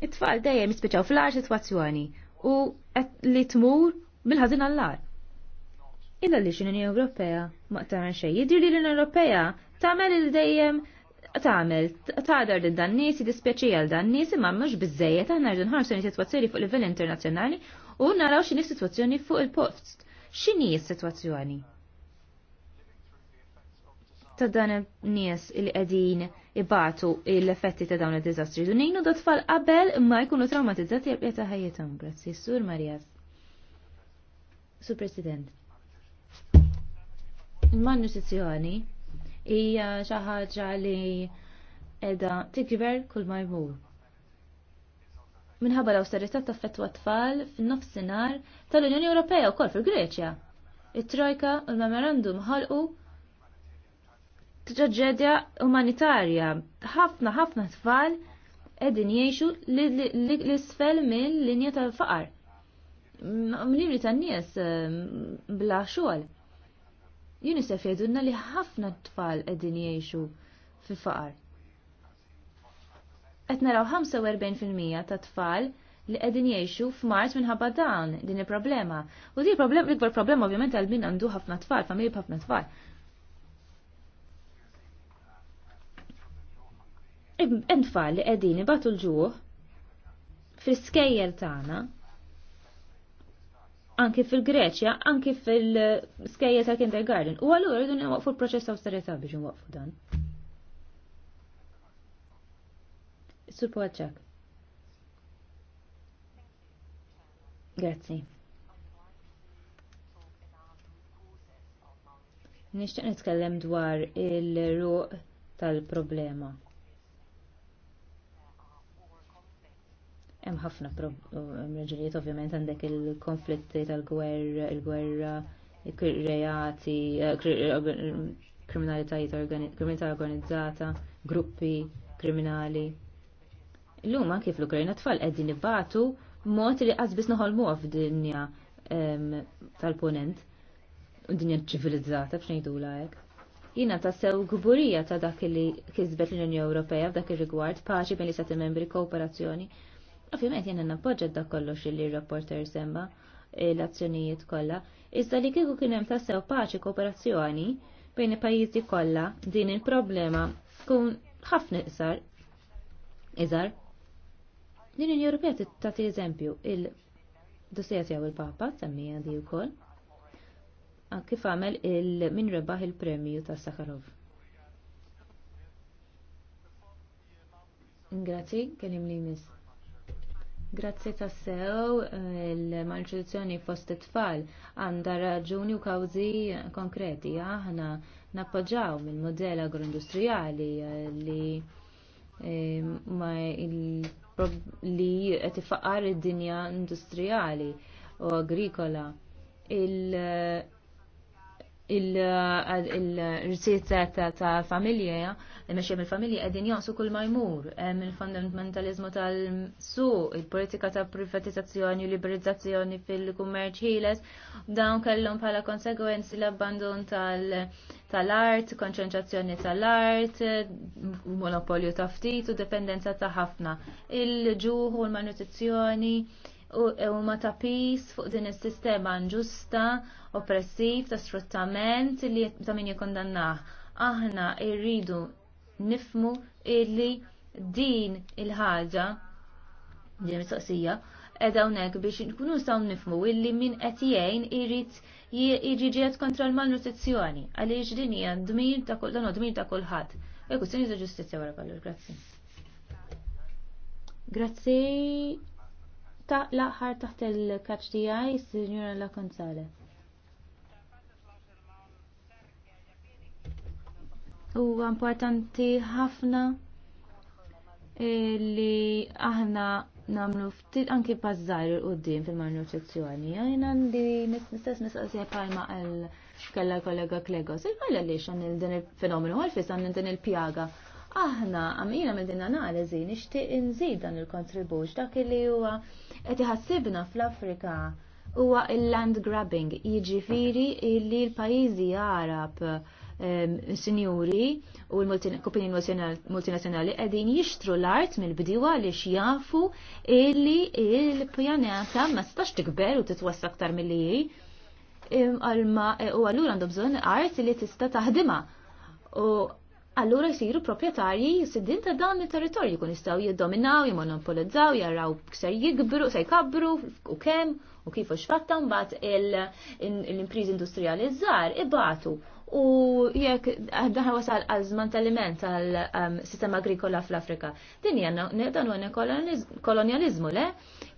It-tfal dejjem jispiċċaw fl-għar sitwazzjoni u li tmur mill-ħażin għall-għar illa li xinini Ewropea ma xej. Jidri li l-Unjoni Ewropea tagħmel il dejjem tagħmel tagħdar din dan nies dispjaċi għal dan nies imma mhux biżejjed aħna rridu nħarsu sitwazzjoni fuq livell internazzjonali u naraw x'inhi sitwazzjoni fuq il-post. X'inhi s-sitwazzjoni? ta' dan nies li qegħdin ibatu l-effetti ta' dawn id-diżastri. Du nejnu da tfal qabel imma jkunu traumatizzati għabja ta' ħajjithom. Grazzi, Sur Marjas. Sur President. Il-malnutrizzjoni hija xi ħaġa li qiegħda tikber kull ma jmur. Minħabba l-awsterità taffettwa tfal fin-nofsinhar tal-Unjoni Ewropea wkoll fil-Greċja. It-Trojka u l-memorandum ħalqu traġedja umanitarja. Ħafna ħafna tfal qegħdin jgħixu l-isfel mill-linja tal-faqar. Mnimri tan-nies bla xogħol. UNICEF jgħidulna li ħafna tfal qegħdin jgħixu fi faqar Qed naraw 45% ta' tfal li qegħdin jgħixu f'Mart minħabba dawn din il-problema. U di problem l-ikbar problema ovvjament għal min għandu ħafna tfal, familji b'ħafna tfal. tfal li qegħdin ibatu l-ġuħ fl-iskejjel tagħna anki fil-Greċja, anki fil-skejja ta' kindergarten. U għallu rridu nwaqfu l-proċess ta' austerità biex nwaqfu dan. Sur Poħċak. Grazzi. Nixtieq nitkellem dwar il-ruq tal-problema. Hemm ħafna raġunijiet ovvjament għandek il-konflitti tal-gwerra, il-gwerra, il-kriati, reati, eh, kriminalità organizzata, gruppi kriminali. L-luma kif l-Ukrajna tfal qegħdin ibatu mod li qasbis noħolmu f'dinja tal-ponent, dinja ċivilizzata biex ngħidu hekk jina ta' sew gburija ta' dak li kisbet l-Unjoni Ewropea f'dak ir-rigward paċi bejn l-Istati membri kooperazzjoni Ovvijament n nappoġġa da kollox li reporter semma e, l-azzjonijiet kollha, iżda li kieku kien hemm tassew paċi kooperazzjoni bejn il-pajjiżi kollha din il-problema tkun ħafna isar. iżar. Din l Ewropea tagħti eżempju il-dossier tiegħu il-Papa semmija di wkoll kif għamel il-min rebaħ il-premju ta' Sakharov. Grazie, kellim li miss. Grazzi tassew eh, il-malnutrizzjoni fost it-tfal għandha raġuni u kawzi konkreti. Aħna nappoġġaw mill-modell agroindustrijali eh, li eh, ma li qed id-dinja industrijali u agrikola il-rizzieta ta' familja, meċe mill-familja għedin jaqsu kull ma jmur, il-fundamentalizmu tal-su, il-politika ta' privatizzazzjoni liberizzazzjoni fil-kummerċ ħiles, dawn kellhom bħala konsegwenzi l-abbandon tal-art, konċentrazzjoni tal-art, monopolju ta' ftit u dependenza ta' ħafna, il-ġuħu, l manutizzjoni E, u ma ta' pis fuq din is-sistema nġusta, oppressiv ta' sfruttament li ta' min jikondannaħ. Aħna irridu nifmu illi din il-ħaġa din mistoqsija edha unek biex nkunu nistgħu nifmu illi min qed jgħin irid kontra l-malnutrizzjoni għaliex din hija dmir ta' kull dmir ta' kulħadd. Ekku, sinjiżu ġustizzja wara kollox, grazzi. Grazzi ta' laħar taħt il-kaċ tijaj, s-signora La Gonzale. U importanti ħafna li aħna namlu ftit anki pazzar il-qoddim fil-manutenzzjoni. Jajna għandi nistess nistaqsija palma għal kella kollega Klegos. Il-għalla li xan din il-fenomenu għalfis għan din il-pjaga Aħna għamina minn din analiżi nixtieq inżid dan il-kontribux dak li huwa qed iħassibna fl-Afrika huwa il-land grabbing, jiġifieri li l-pajjiżi Arab sinjuri u l-kupini multinazzjonali qegħdin jixtru l-art mill-bdiwa li xjafu illi il-pjaneta ma stax tikber u titwassa aktar mill-li għalma u għallu għandu bżon art li tista taħdima. U allura jisiru proprjetarji jisiddin ta' dan il-territorju kun jistaw jiddominaw, jimonopolizzaw, jaraw ksar jikbru, se jkabru u kem u kif xfatta mbagħad l-impriż industrijali żgħar ibatu u jekk daħna wasal għal żman tal-iment tal-sistema um, agrikola fl-Afrika. Din hija dan huwa kolonializmu le?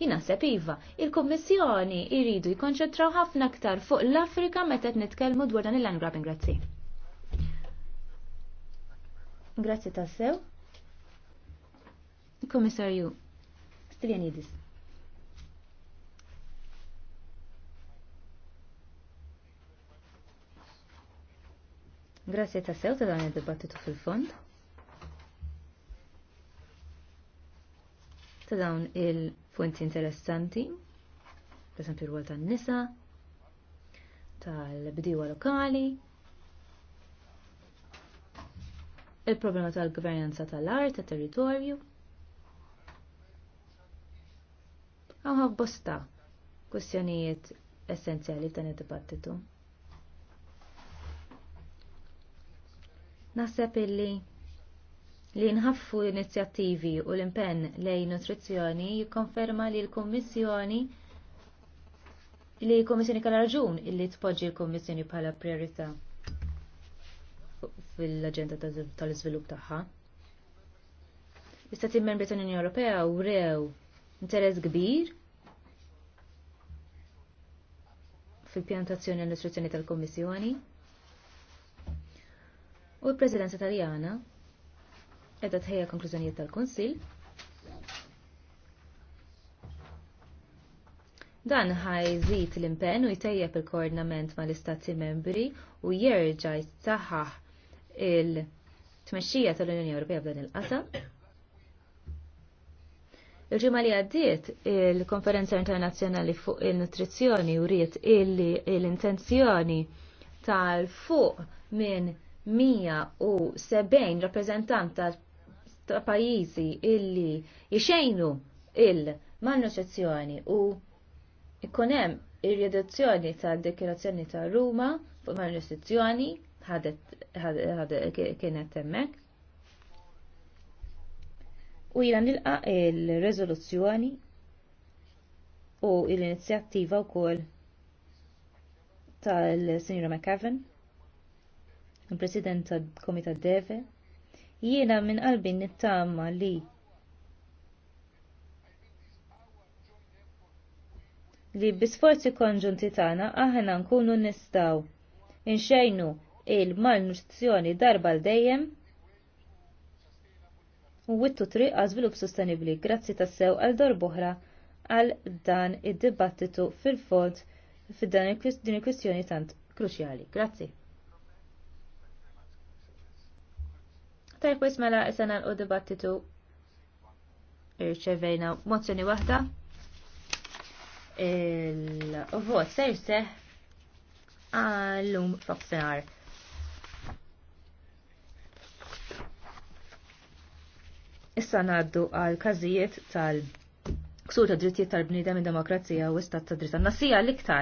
jina iva. Il-Kummissjoni jridu jikkonċentraw ħafna aktar fuq l-Afrika meta nitkellmu dwar dan il-land grabbing grazzi. Grazie tassew. Komissarju, Stiljanidis. Grazie tassew ta' dan il-dibattitu fil-fond. Ta' dawn il-punti interessanti, per esempio il-ruol tan-nisa, tal-bdiwa lokali, il-problema tal-gvernanza tal-art, tal-territorju. Għawħa bosta kustjonijiet essenzjali f'dan id-dibattitu. Naħseb illi li nħaffu inizjattivi u l-impenn lejn nutrizzjoni jikkonferma li l-Kommissjoni li l-Kommissjoni kalla raġun illi tpoġġi l-Kommissjoni bħala priorità fil-agenda tal-izvilup tagħha. L-Istati Membri tal-Unjoni Ewropea wrew interess kbir fil-pjantazzjoni l-istruzzjoni tal-Kommissjoni u l-Presidenza Taljana edha tħejja konklużjonijiet tal-Kunsill Dan ħajżid l-impenn u jtejjeb il-koordinament mal istati membri u jerġa' jtaħħaħ il-tmexxija tal-Unjoni Ewropea b'dan il-qasam. Il-ġimma li għaddiet il-Konferenza Internazzjonali fuq il-Nutrizzjoni riet l-intenzjoni tal-fuq minn 170 rappresentant ta' pajjiżi illi jixejnu il-malnutrizzjoni u ikun hemm ir-reduzzjoni tad dekirazzjoni ta' Ruma fuq malnutrizzjoni ħadet kienet hemmhekk. U jina nilqa il-reżoluzzjoni u l-inizjattiva wkoll tal-Sinjora McCavan, il-President tal komita Deve, jiena minn qalbi nittama li li bisforzi konġunti tagħna aħna nkunu nistaw inxejnu il-malnutrizzjoni darba l-dejjem u wittu triq għal żvilupp sostenibbli grazzi tassew għal darbohra għal dan id-dibattitu fil-fond f'dan din il-kwistjoni tant kruċjali. Grazzi. Tajk wis mela issa nagħlqu dibattitu irċevejna mozzjoni waħda. Il-vot ser seħ għallum f'nofsinhar. Issa naddu għal każijiet tal-ksur ta' drittijiet tal-bnidem id-demokrazija u istat ta' dritt. Nasija l-iktar